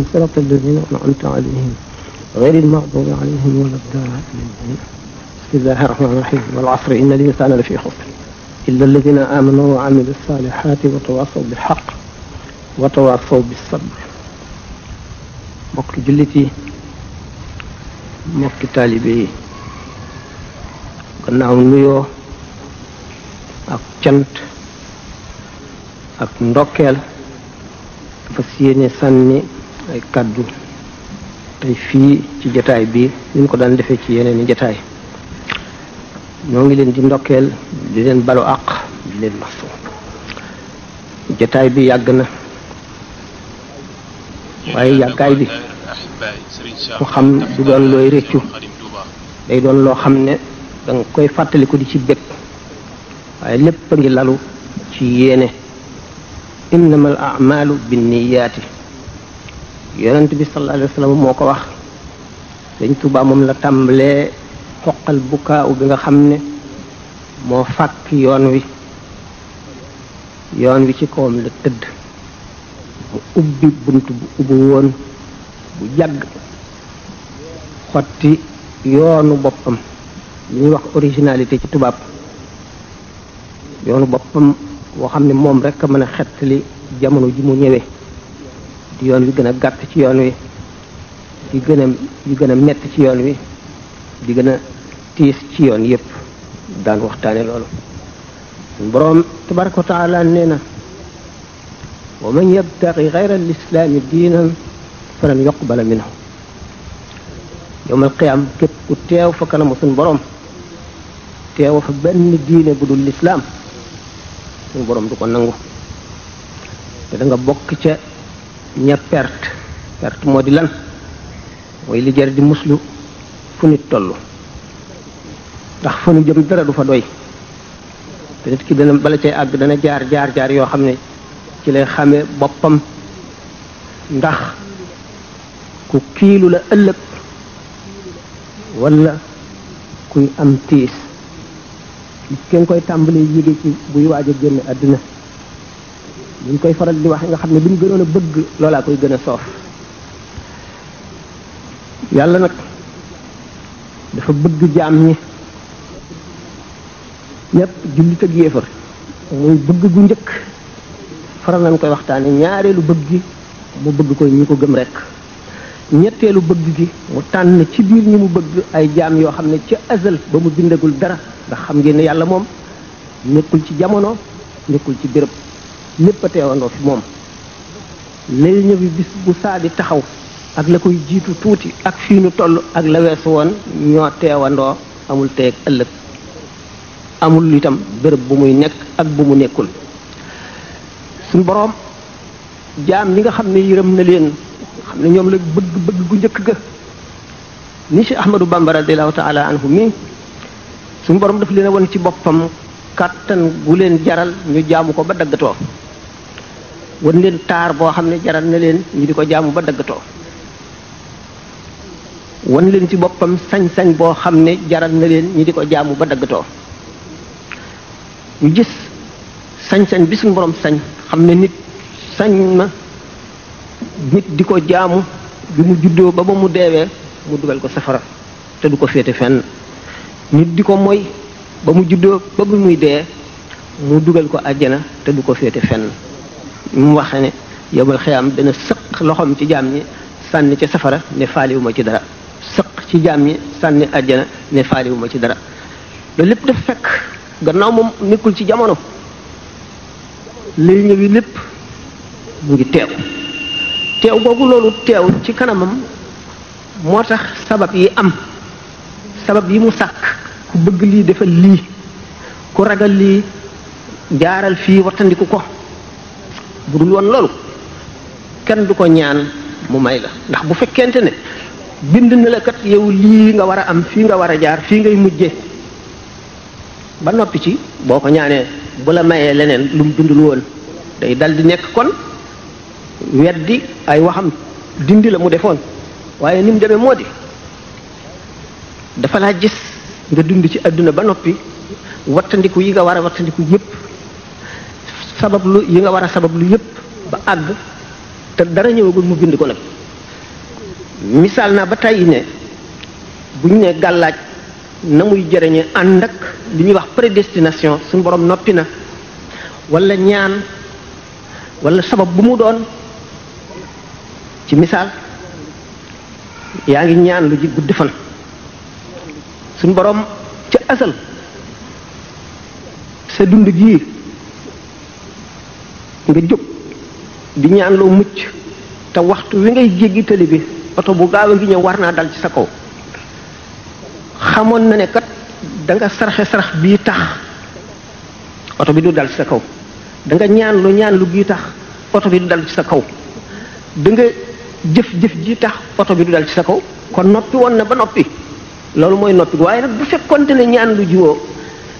الصراط الذين أنعمت عليهم غير المغضوب عليهم ولا الضالين بسم الله الرحمن الرحيم والعصر إن الإنسان لفي خسر إلا الذين آمنوا وعملوا الصالحات وتواصوا بالحق وتواصوا بالصبر mbokki jullit yi mbokki taalibe yi gannaaw nuyoo ak cant ak ndokkeel dafa siyéene sànni ay kàddu tey fii ci jataay bi li ñu ko daan defee ci yeneen i jataay ñoo ngi leen di ndokkeel di leen balu àq di leen masu jataay bi yàgg na waaye yàggaay bi mu xam du doon looy réccu day doon loo xam ne da koy fàttaliku di ci bég waaye lépp a ngi lalu ci yéene innamal amalu binniyaati yonent bi sallallahu alayhi wa sallam moo ko wax dañ Tuubaa moom la tàmbalee xoqal bukaaw bi nga xam ne moo fàkk yoon wi yoon wi ci kawam la tëdd mu ubbi bunt bu ubbi woon bu jàgg xotti yoonu boppam li ñuy wax originalité ci tubaab yoonu boppam boo xam ne moom rek a mën a xettali jamono ji mu ñëwee di yoon wi gën a gàtt ci yoon wi di gën a gën a mett ci yoon wi di gën a tiis ci yoon yépp daan waxtaane loolu boroom tabaraka wa taala nee na wa man yabtaqi gayra alislaami diinan falan yuqbala minhu yowmal qiyam képp ku teew fa kanamu suñ boroom teew fa benn diine bu dul lislaam suñ boroom du ko nangu te da bokk ca ña perte perte moo di lan mooy li di muslu fu nit toll ndax fa nu jëm dara du fa doy te nit ki dana bala cay àgg dana jaar jaar jaar yoo xam ne ci lay xame boppam ndax ku kiilu la ëllëg wala kuy am tiis li kenn koy tàmbalee yége ci buy waaj a génn àdduna buñ koy faral di wax nga xam ne bi ñu gënoon bëgg loolaa koy gën a soof yàlla nag dafa bëgg jaam ñi ñépp jullit ak yéefar muy bëgg gu njëkk faral nañ koy waxtaane ñaareelu bëgg gi mu bëgg ko ñu ko gëm rekk ñetteelu bëgg gi mu tànn ci biir ñi mu bëgg ay jaam yoo xam ne ci azal ba mu bindagul dara nga xam ngeen ne yàlla moom nekkul ci jamono nekkul ci béréb lépp a teewandoo fi moom lay ñëw bis bu saa di taxaw ak la koy jiitu tuuti ak fii nu toll ak la weesu woon ñoo teewandoo amul teeg ëllëg amul itam bërëb bu muy nekk ak bu mu nekkul suñ boroom jaam li nga xam ne yërëm na leen xam ne ñoom la bëgg bëgg gu njëkk ga ni si Ahmadu Bamba radiallahu taala anhu mi suñ borom daf leen a won ci boppam kàttan gu leen jaral ñu jaamu ko ba daggatoo wan leen taar boo xam ne jaral na leen ñu di ko jaamu ba daggatoo wan leen ci boppam sañ-sañ boo xam ne jaral na leen ñi di ko jaamu ba daggatoo ñu gis sañ-sañ bi suñu borom sañ xam ne nit sañ na nit di ko jaamu bi mu juddoo ba ba mu deewee mu dugal ko safara te du ko féete fenn nit di ko moy ba mu juddoo ba bu muy dee mu dugal ko ajjana te du ko féete fenn mu wax ne yowmal xiyaam dana sëq loxoom ci jaam ñi sànni ci safara ne faaliwuma ci dara sëq ci jaam ñi sànni àjjana ne faaliwuma ci dara loolu lépp dafa fekk gannaaw moom nekkul ci jamono lay ñëwi lépp mu ngi teew teew googu loolu teew ci kanamam moo tax sabab yi am sabab yi mu sàkk ku bëgg lii defal lii ku ragal lii jaaral fii wattandiku ko bu dul woon loolu kenn du ko ñaan mu may la ndax bu fekkente ne bind na la kat yow lii nga war a am fi nga war a jaar fii ngay mujje ba noppi ci boo ko ñaanee bu la mayee leneen lu mu bindul woon day dal di nekk kon weddi ay waxam dindi la mu defoon waaye ni mu demee moo di dafa laa gis nga dund ci àdduna ba noppi wattandiku yi nga war a wattandiku yépp sabablu yi nga war a sabablu yépp ba àgg te dara ñëwagul mu bind ko nag misaal naa ba tàyyi ne bu ñu ne gàllaaj na muy jëriñe ànd ak li ñuy wax prédestination suñu borom noppi na wala ñaan walla sabab bu mu doon ci misaal yaa ngi ñaan lu ji gudd fan suñu borom ca asal sa dund gii nga jóg di ñaan lu mucc te waxtu wi ngay jéggi tali bi oto bu gaaw a ngi ñëw war naa dal ci sa kaw xamoon na ne kat da nga saraxe sarax bii tax oto bi du dal ci sa kaw danga ñaan lu ñaan lu bii tax oto bi dal ci sa kaw da nga jëf jëf jii tax oto bi du dal ci sa kaw kon noppi woon na ba noppi loolu mooy noppi waaye nag bu te ne ñaan lu jiwoo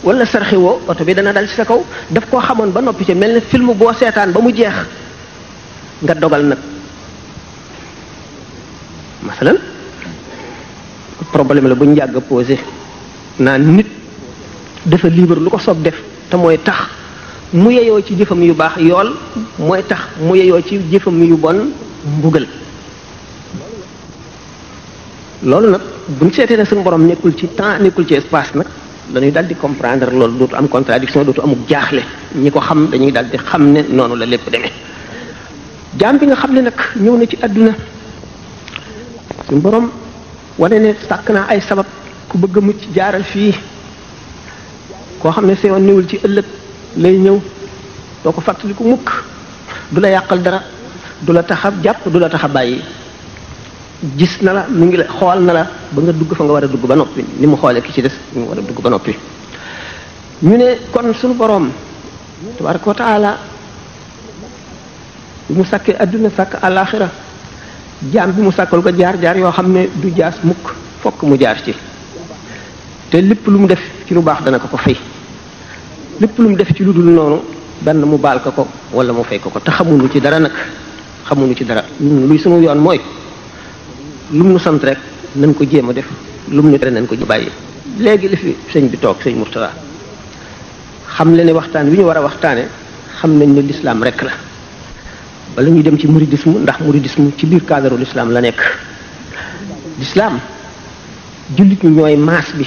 wala sarxiwoo oto bi dana dal ci sa kaw daf koo xamoon ba noppi ci mel na film boo seetaan ba mu jeex nga dogal nag masalan problème la bu njàgg posé naan nit dafa libre lu ko soob def te mooy tax mu yeyoo ci jëfam yu baax yool mooy tax mu yeyoo ci jëfam yu bon mbugal loolu nag buñ seetee ne suñu borom nekkul ci temps nekkul ci espace nag dañuy daal di comprendre loolu dootu am contradiction dootu amuk jaaxle ñi ko xam dañuy daal di xam ne noonu la lépp demee jaam bi nga xam ne nag ñëw na ci àdduna suñu borom wane ne sàkk naa ay sabab ku bëgg a mucc jaaral fii koo xam ne seewoon niwul ci ëllëg lay ñëw doo ko fàttaliku mukk du la yàqal dara du la tax jàpp du la tax a bàyyi gis na la mu ngi la xool na la ba nga dugg fa nga war a dugg ba noppi ni mu xoolee ki ci des ni mu war a dugg ba noppi ñu ne kon suñu boroom tabaraka wa taala mu sakkee adduna sakk àlaxira jaam bi mu sàkkal ko jaar-jaar yoo xam ne du jaas mukk fokk mu jaar ci te lépp lu mu def ci lu baax dana ko ko fay lépp lu mu def ci lu dul noonu dana mu baal ko ko wala mu fay ko ko te xamuñu ci dara nag xamuñu ci dara luy sunu yoon mooy lu mu sant rek nañ ko jéem a def lu mu nu tere nañ ko bàyyi léegi li fi sëñ bi toog sëñ Mourtada xam le ne waxtaan wi ñu war a waxtaane xam nañ ne lislaam rek la bala ñuy dem ci muridisme ndax muridisme ci biir cadre lislaam la nekk lislaam jullit ñu ñooy maas bi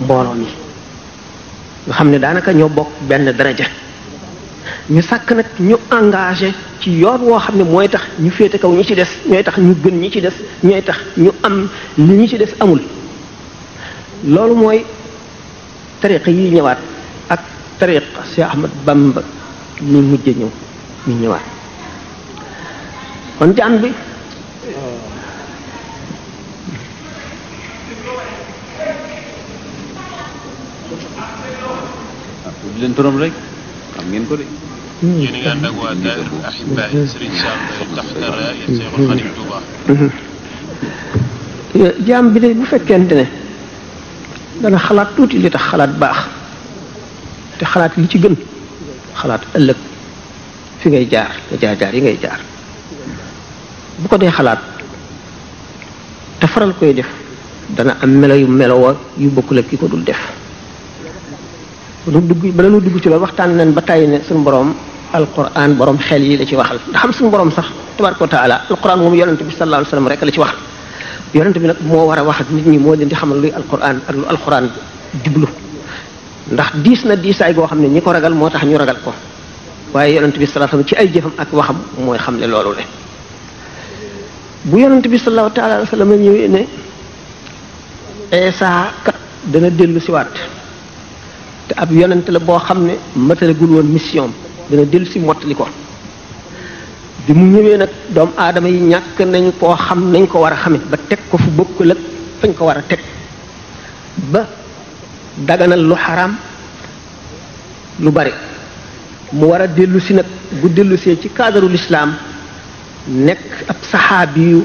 mbooloo mi nga xam ne daanaka ñoo bokk benn daraja ñu sàkk nag ñu engagé ci yoon woo xam ne mooy tax ñu féete kaw ñi ci des ñooy tax ñu gën ñu ci des ñooy tax ñu am li ñi ci des amul loolu mooy tariqa yi ñëwaat ak tariqa Cheikh Ahmad Bamba mi mujj ñëw mi ñëwaat kon jaan bi di leen torom xam ngeen ko mm-hmm. Mm-hmm. jaam bi de bu fekkente ne dana xalaat tuuti li tax xalaat baax te xalaat li ci gën xalaat ëllëg fi ngay jaar nga jaar jaar yi ngay jaar bu ko dee xalaat te faral koy def dana am melo yu meloo yu bokkul ak ki ko dul def. lu dugg bala nu dugg ci loolu waxtaan nañ ba tàyyi ne suñ suñu borom alquran borom xel yi la ci waxal ndax xam suñu borom sax tabaraka wa taala alquran moom yonent bi sallallahu alayhi wasallam rek la ci waxal yonent bi nag moo war a wax nit ñi moo leen di xamal luy alquran ak lu alquran jublu ndax diis na diisaay goo xam ne ñi ko ragal moo tax ñu ragal ko waaye yonent bi sallallahu ci ay jëfam ak waxam mooy xam ne loolu le bu yonent bi sax taala alayhi wasallam ñëwee ne Isa kat dana dellu siwaat ab yonent la boo xam ne matalagul woon mission dina dellu si mottali ko bi mu ñëwee nag doomu aadama yi ñàkk nañ koo xam nañ ko war a xame ba teg ko fu bokkul ak fañ ko war a teg ba daganal lu xaraam lu bari mu war a dellu si nag bu dellusee ci cadre l'islam nekk ab saxaabi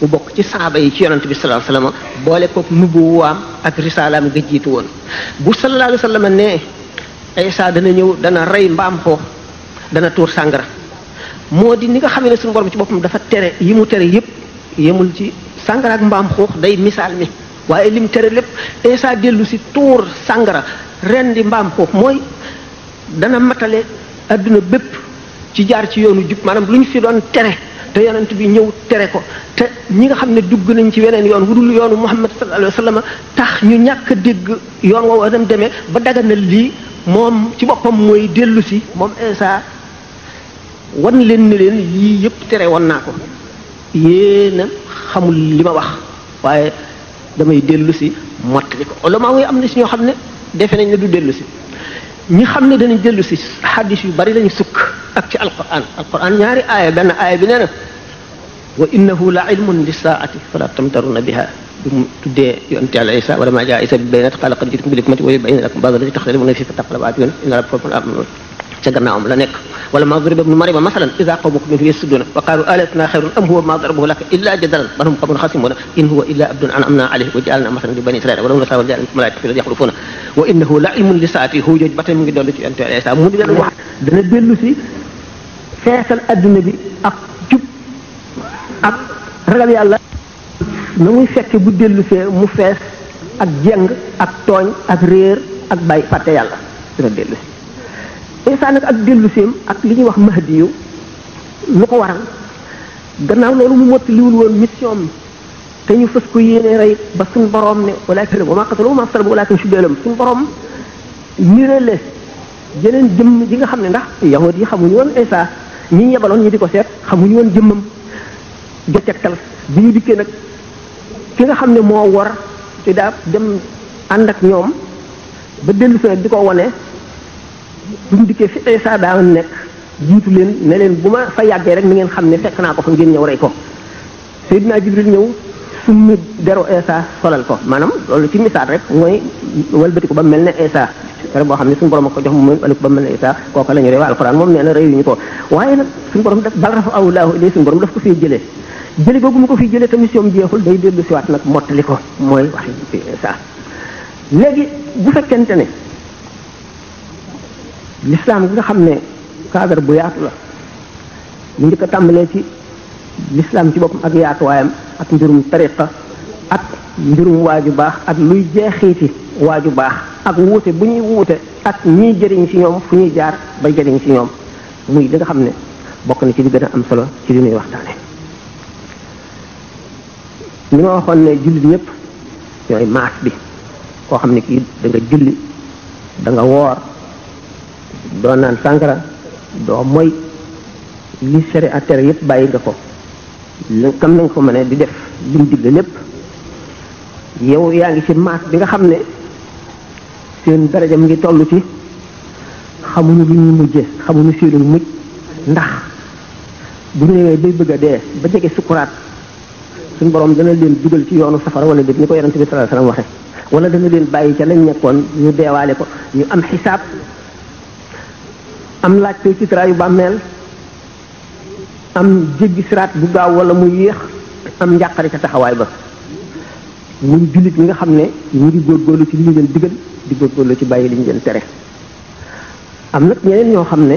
mu bokk ci saaba yi ci yonent bi sallallahu alayhi wa sallam boole kook am ak risaalaam ga jiitu woon bu sallallahu alayhi wa sallam ne Isa dana ñëw dana rey mbaam xoox dana tuur sàngara moo di ni nga xamee ne suñu borom ci boppam dafa tere yi mu tere yépp yemul ci sàngara ak mbaam xoox day misaal mi waaye lim tere lépp Isa dellu si tuur sàngara ren di mbaam xoox mooy dana matale adduna bépp ci jaar ci yoonu jub maanaam lu ñu fi doon tere te yonent bi ñëw tere ko te ñi nga xam ne dugg nañ ci weneen yoon wu dul yoonu Muhammad sallallahu alayhi wa tax ñu ñàkk dégg yoon woo war demee ba daganal lii moom ci boppam mooy dellu si moom Isa wan leen ne leen yii yëpp tere woon naa ko yéena xamul li ma wax waaye damay dellusi si mottali ko ulama yi am na si ñoo xam ne defe nañ ne du dellu si ñi xam ne danañ dellu si xaddis yu bari lañu sukk ak ci alquran alquran ñaari aaya benn aaya bi nee na wa innahu la ilmun li saati fala tamtaruna biha bi mu tuddee yonent yàlla isa wala maa jaa isa bi baynat qala qad jiitum bil hikmati wa yubayyin lakum ba'da allati takhtalifuna fihi fattaqu inna rabbakum amin ca gannaawam la nekk wala ma duriba ibnu mariama masalan ida qawmukum minhu yasudduna wa qalu alatina xayrun am huwa ma darabuhu laka illa jadalan bal hum qawmun xasimuna in huwa illa abdun an'amna alayhi wa ja'alna masalan li bani israila wa lahum rasulun ja'alna malaa'ikatan yaqulufuna wa innahu la ilmun li saati xuujooj ba tey mu ngi dolli ci yonent mu di leen wax dana dellu si feesal adduna bi ak jub ak ragal yàlla na muy fekke bu dellu see mu fees ak jeng ak tooñ ak réer ak bàyyi fàtte yàlla dana dellu si Isaa ak dellu ak li ñuy wax mahdi yu lu ko waral gannaaw loolu mu mottaliwul woon mission mi te ñu fës ko yéene rey ba suñ borom ne walakin wa ma qataluhum ma salabu walakin shubbiha lahum suñ borom nirale jeneen jëmm ji nga xam ne ndax yahud yi xamuñu woon Isa ñi yebaloon ñi di ko seet xamuñu woon jëmmam ja tegtal bi ñu dikkee nag ki nga xam ne moo war ci daa dem ànd ak ñoom ba dellu si nag di ko wane bu ñu dikkee fi Isa daa nekk jiitu leen ne leen bu ma fa yàggee rek ni ngeen xam ne fekk naa ko fa ngeen ñëw rey ko naa Jibril ñëw summi deru Isa solal ko maanaam loolu ci misaal rek mooy walbatiku ba mel ne Isa rek boo xam ne suñu borom a ko jox mu wëlbatiku ba mel ne Isa kooka la ñu réew alquran moom nee na réyuñu ko waaye nag suñu borom daf bal rafa awlaahu ilay suñu borom daf ko fii jëlee jële googu mu ko fii jëlee te mission am jeexul day dellu siwaat nag mottali ko mooy wax fi Isa léegi bu fekkente ne l'islam gi nga xam ne cadre bu yaatu la ñu ngi ko lislaam ci boppam ak yaatuwaayam ak mbirum tariqa ak mbirum waaju baax ak luy jeexiiti waaju baax ak wuute bu ñuy wuute ak ñiy jëriñ ci ñoom fu ñuy jaar ba jëriñ ci ñoom muy danga xam ne bokk na ci li gën a am solo ci li ñuy waxtaane ni ma waxoon ne jullit yépp ñooy maas bi koo xam ne kii danga nga julli da nga woor doo naan sàngara doo moy li sere a tere yépp bàyyi nga ko kam lañ ko mënee di def lim digle lépp yow yaa ngi ci maas bi nga xam ne seen daraja mu ngi toll ci xamuñu lu ñuy mujjee xamuñu seenu mujj ndax bu ñu newee bay bëgg dee ba jege sukuraat suñ borom dana leen dugal ci yoonu safara wala déet ni ko yonente bi sallallahu alayhi waxe wala dana leen bàyyi ca lañ nekkoon ñu deewaale ko ñu am xisaab am laaj ci traa bàmmeel am jéggi siraat bu gaaw wala mu yéex am njàqare ca taxawaay ba muy jullit ñi nga xam ne ñu ngi góorgóorlu ci li ñu leen digal di góorgóorlu ci bàyyi li ñu leen tere am nag ñeneen ñoo xam ne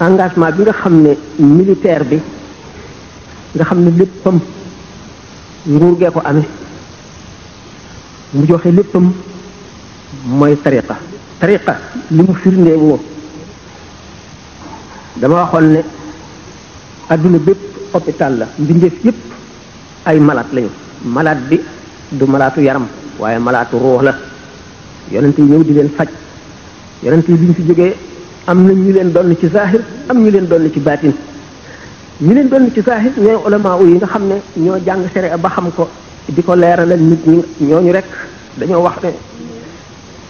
engagement bi nga xam ne militaire bi nga xam ne léppam nguur gee ko amee mu joxe léppam mooy tariqa tariqa li mu firndee moo dama waxoon ne àdduna bépp hôpital la mbindeef yépp ay malaat lañu malaat bi du malaatu yaram waaye malaatu ruux la yonent yi ñëw di leen faj yonent yi bi ñu fi jógee am na ñu leen doon ci zahir am ñu leen doon ci baatin ñu leen doon ci zahir ñooy ulama yi nga xam ne ñoo jàng sere ba xam ko di ko leeralal nit ñi ñooñu rek dañoo wax ne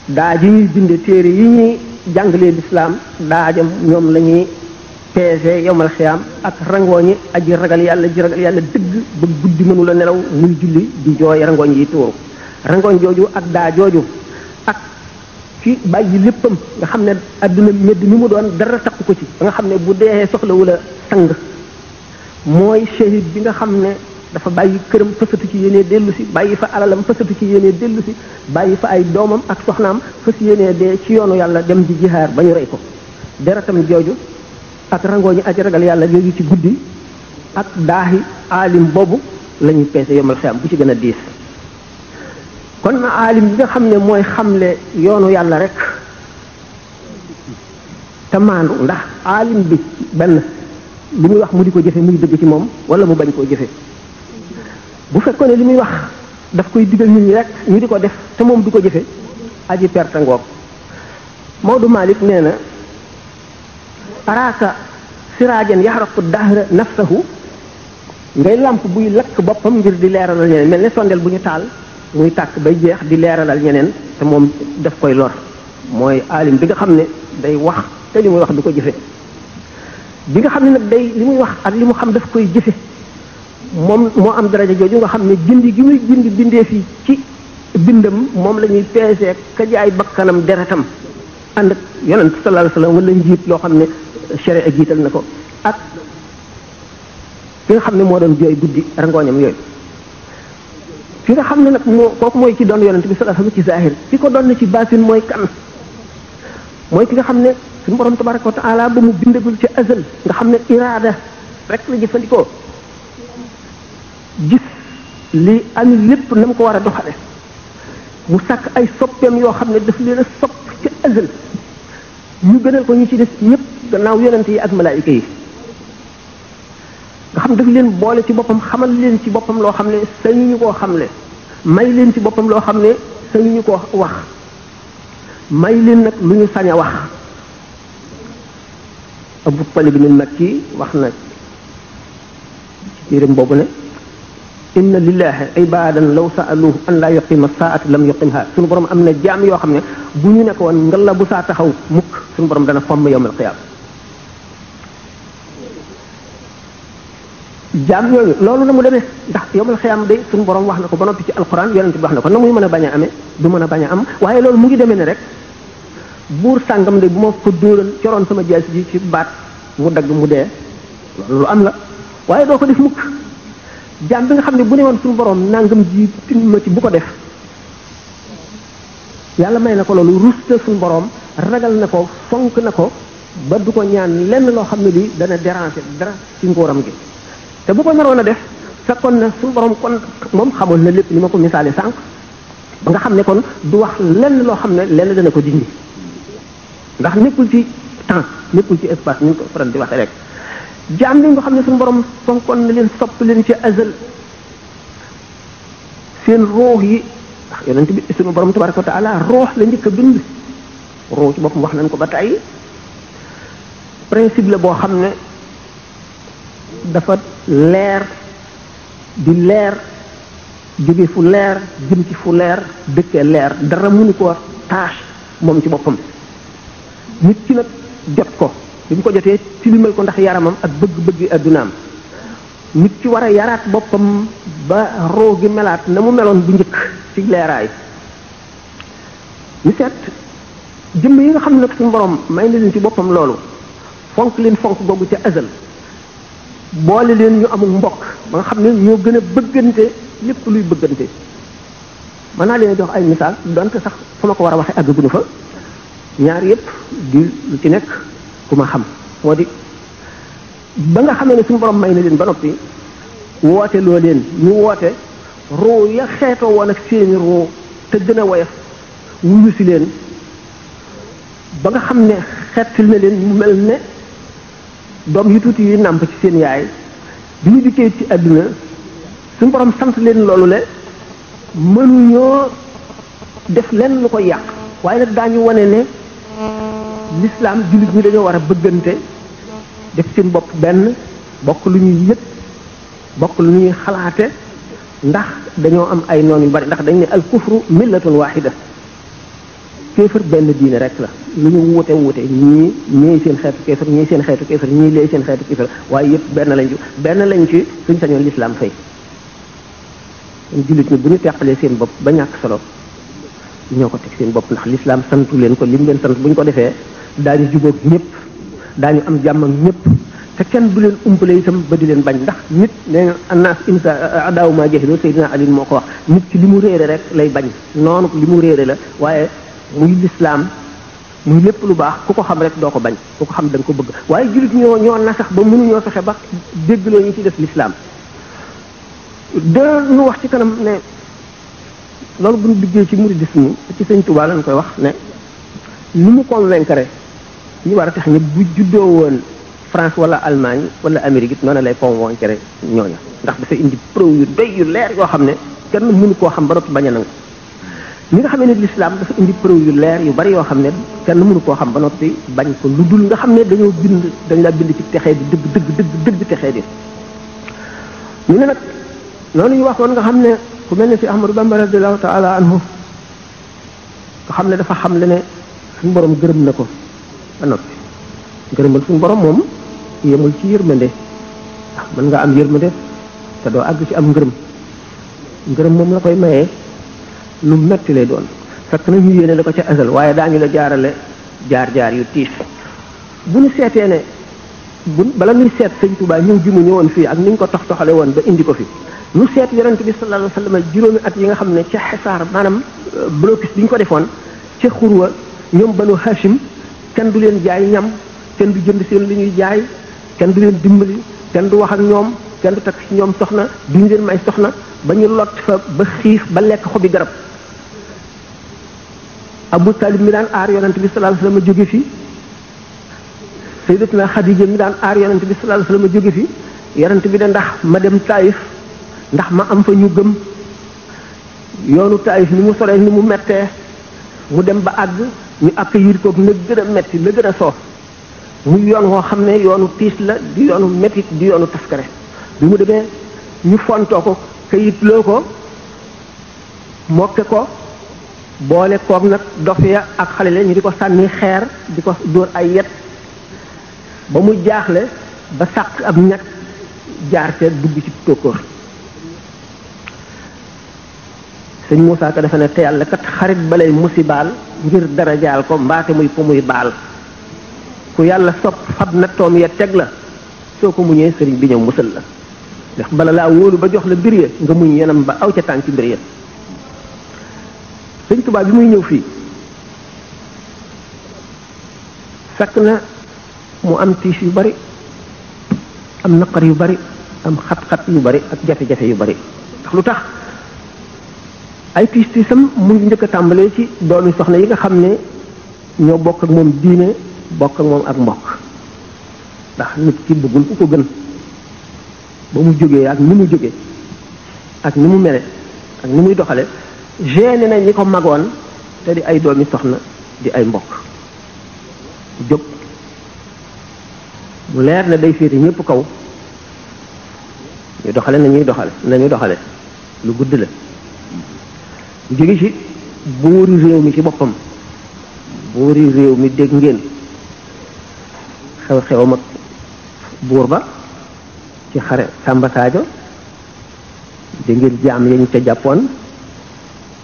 daa ji ñuy binde téere yi ñuy jàngalee lislaam daajam ñoom la peese yowmal xiyaam ak rangooñi aji ragal yàlla ji ragal yàlla dëgg ba guddi mënula nelaw muy julli di jooy rangooñ yi tuuru rangooñ jooju ak daa jooju ak ci bàyyi léppam nga xam ne àdduna medd mi mu doon dara takku ko ci ba nga xam ne bu dee soxlawula sang mooy shahid bi nga xam ne dafa bàyyi këram fësatu ci yéenee dellu si bàyyi fa alalam fësatu ci yéenee dellu si bàyyi fa ay doomam ak soxnaam fës yéenee dee ci yoonu yàlla dem di jihaar ba ñu rey ko deratam ak ñu aj ragal yàlla yooyu ci guddi ak daaxi alim boobu lañuy ñuy peese yomal xiyam bu ci gën a diis kon alim bi nga xam ne mooy xam xamle yoonu yàlla rek te maandu ndax aalim bi benn li muy wax mu di ko jëfe muy dëgg ci moom wala mu bañ koo jëfe bu fekkoon ne li muy wax daf koy digal nit ñi rek ñu di ko def te moom du ko jëfe aji perte ngoog Maodo Malick nee na araaka siraajan yaxraqu dahra nafsahu ngay làmp buy lakk boppam ngir di leeralal ñeneen mel ne sondeel bu ñu taal muy tàkk bay jeex di leeralal ñeneen te moom daf koy lor mooy aalim bi nga xam ne day wax te li muy wax du ko jëfe bi nga xam ne nag day li muy wax ak li mu xam daf koy jëfe moom moo am daraja jooju nga xam ne jindi gi muy jindi bindee fii ci bindam moom la ñuy peesee ka jaay bakkanam deretam ànd yeneen yonent sallallahu alayhi wasallam wala njiit loo xam ne chéré ak jiital na ko ak ki nga xam ne moo doon jooy guddi rangooñam yooyu ki nga xam ne nag moo kooku mooy ci doon yonent bi sallallahu alayhi wasallam ci zahir ki ko doon na ci baatin mooy kan mooy ki nga xam ne suñu borom tabaraka wa taala ba mu bindagul ci azal nga xam ne iraada rek la jëfandikoo gis li am yépp na mu ko war a doxale mu sàkk ay soppeem yoo xam ne daf leen a sopp ci azal ñu gënal ko ñu ci def ñëpp gannaaw yonent yi ak malaayika yi nga xam daf leen boole ci boppam xamal leen ci boppam loo xam ne sañuñu koo xamle may leen ci boppam loo xam ne sañuñu koo wax may leen nag lu ñu sañ wax Abu Talib min Makki wax na ci téeram boobu ne inna lillahi ibadan law saaluhu an laa yuqima saata lam yuqimha suñu borom am na jaam yoo xam ne bu ñu nekkoon nga la bu saa taxaw mukk suñu borom dana fomm yowmal qiyaama jaam yooyu loolu na mu demee ndax yowmal xiyaam day suñu boroom wax na ko ba noppi ci alquran yonent bi wax na ko na muy mën a bañ a amee du mën a bañ a am waaye loolu mu ngi demee ne rek buur sàngam de bu ma ko dóoran coroon sama jaas ji ci baat mu dagg mu dee loolu lu am la waaye doo ko def mukk jaam bi nga xam ne bu ne woon boroom borom nangam ji ma ci bu ko def yàlla may na ko loolu rusta suñu borom ragal na ko fonk na ko ba du ko ñaan lenn loo xam ne lii dana déranger dara ci gi te bu ko naroon a def fekkoon na suñu borom kon moom xamoon na lépp ni ma ko misaale sànq ba nga xam ne kon du wax lenn loo xam ne lenn dana ko dindi ndax nekkul ci temps nekkul ci espace ni di waxee rek jaam li nga xam ne suñu borom fonkoon na leen sopp leen ci azal seen roox yi ndax yonent bi suñu borom tabaraka wa taala roox la njëkk a bind roox ci boppam wax nañ ko ba tey principe la boo xam ne dafa leer di leer jóge fu leer jëm ki fu leer dëkkee leer dara ni ko tâche moom ci boppam nit ki nag jot ko bi mu ko jotee tilimal ko ndax yaramam ak bëgg-bëgg àddunaam nit ki war a yaraat boppam ba roo gi melaat na mu meloon bu njëkk ci leeraay ñu seet jëmm yi nga xam ne nag suñu borom may na leen ci boppam loolu fonk leen fonk googu ca azal boole leen ñu amul mbokk ba nga xam ne ñoo gën a bëggante lépp luy bëggante mën naa leen jox ay misaal donte sax fu ma ko war a waxee àggaguñu fa ñaar yëpp di lu ci nekk ku ma xam moo di ba nga xamee ne suñu borom may na leen ba noppi woote loo leen ñu woote ruu ya xeetoo woon ak seeni ruu te gën a woyof wuyu si leen ba nga xam ne xettil na leen mu mel ne doom yu tuuti yu nàmp ci seen yaay bi ñu dikkee ci àdduna suñu borom sant leen loolu le mënuñoo def lenn lu ko yàq waaye nag daañu wane ne l'islam jullit ñi dañoo war a bëggante def seen bopp benn bokk lu ñuy yëg bokk lu ñuy xalaate ndax dañoo am ay noon yu bari ndax dañ ne al kufru millatun wahida kéefër benn diine rek la lu ñu wute wute ñii ñii seen xeetu kéefër ñii seen xeetu kéefër ñii lee seen xeetu kéefër waaye yëpp benn lañ ci benn lañ ci suñ sañoon lislaam fay jullit ñi bu ñu teqalee seen bopp ba ñàkk solo ñoo ko teg seen bopp ndax lislaam santu leen ko li mu leen sant bu ñu ko defee daañu jubóog ñëpp daañu am jàmm ak ñëpp te kenn du leen umpale itam ba di leen bañ ndax nit nee na annaas insa adaawu maa jeexiloo Seydina Ali moo ko wax nit ci li mu réere rek lay bañ muy lislaam muy lépp lu baax ku ko xam rek doo ko bañ ku ko xam da nga ko bëgg waaye jullit ñoo ñoo nasax ba mu ñoo fexe ba déggloo ñu ci def lislaam da ñu wax ci kanam ne loolu bu ñu duggee ci muridisme ci sëñ Tuubaa lañ koy wax ne ni mu convaincre ñu war a tax ñi bu juddoo woon France wala Allemagne wala Amérique it noonu lay convaincre ñooñu ndax dafa indi preuve yu doy yu leer yoo xam ne kenn mënu koo xam ba noppi bañ a nangu ni nga xamee ne lislaam dafa indi preuve yu leer yu bari yoo xam ne kenn mënu koo xam ba noppi bañ ko lu dul nga xam ne dañoo bind dañ laa bind ci texee di dëgg dëgg dëgg dëgg texee bi ñu ne nag loolu ñu waxoon nga xam ne ku mel ne fi Ahmadu Bamba radiallahu taala anhu nga xam ne dafa xam le ne suñu borom gërëm ko ba noppi moom yemul ci yërmande ndax mën nga am yërmande te doo àgg ci am ngërëm ngërëm moom la koy mayee lu metti lay doon fekk na ñu yéene la ko ca azal waaye daañu la jaarale jaar-jaar yu tiis bu ñu seetee ne bu bala ñuy seet sëñ Tuubaa ñëw ji mu ñëwoon fii ak ni ñu ko tox toxale woon ba indi ko fi ñu seet yonent bi sallallahu alayhi wasallam juróomi at yi nga xam ne ca xesaar maanaam euh, blocus bi ñu ko defoon ca xurwa ñoom ba banu Hashim kenn du leen jaay ñam kenn du jënd seen li ñuy jaay kenn du leen dimbali kenn du wax ak ñoom kenn du takk ci ñoom soxna duñ leen may soxna ba ñu lot fa ba xiif ba lekk xobi garab Abu Talib mi daan aar yonent bi sallallahu alayhi wasallam jóge fi sayyidatuna Xadija mi daan aar yonent bi sallallahu alayhi wasallam jóge fi yonent bi ne ndax ma dem Taïf ndax ma am fa ñu gëm yoonu Taïf ni mu soree ni mu mettee mu dem ba àgg ñu accueillir koog la gën a metti la gën a soof muy yoon woo xam ne yoonu tiis la di yoonu métit di yoonu taskare bi mu demee ñu fontoo ko loo ko mokke ko boole koog nag dof ya ak xale la ñu di ko sànni xeer di ko dóor ay yet ba mu jaaxle ba sàq ab ñag jaar ca dugg ci tokkoor sëñ Moussa ka dafa ne te yàlla kat xarit balay musibaal ngir dara jaal ko mbaate muy ko muy baal ku yàlla sopp fab na toom ya teg la soo ko muñee sëriñ bi ñëw musal la ndax bala laa wóolu ba jox la mbir ya nga muy yenam ba aw ca tànk mbir ya sëñ Tuubaa bi muy ñëw fii fekk na mu am tiis yu bari am naqar yu bari am xat-xat yu bari ak jafe-jafe yu bari ndax lu tax ay tiis tiisam mu ngi njëkk a tàmbalee ci doomi soxna yi nga xam ne ñoo bokk ak moom diine bokk ak moom ak mbokk ndax nit ki bëggul ku ko gën ba mu jógee ak ni mu jógee ak ni mu mele ak ni muy doxale génne nañ li ko magoon te di ay doomi soxna di ay mbokk jóg mu leer na day féete ñëpp kaw ñu doxale nañuy doxale nañuy doxale lu gudd la lu jóge ci buuri réew mi ci boppam buuri réew mi dégg ngeen xew xew ma buur ba ci xare Samba Sadio di ngir jaam yañ ca jàppoon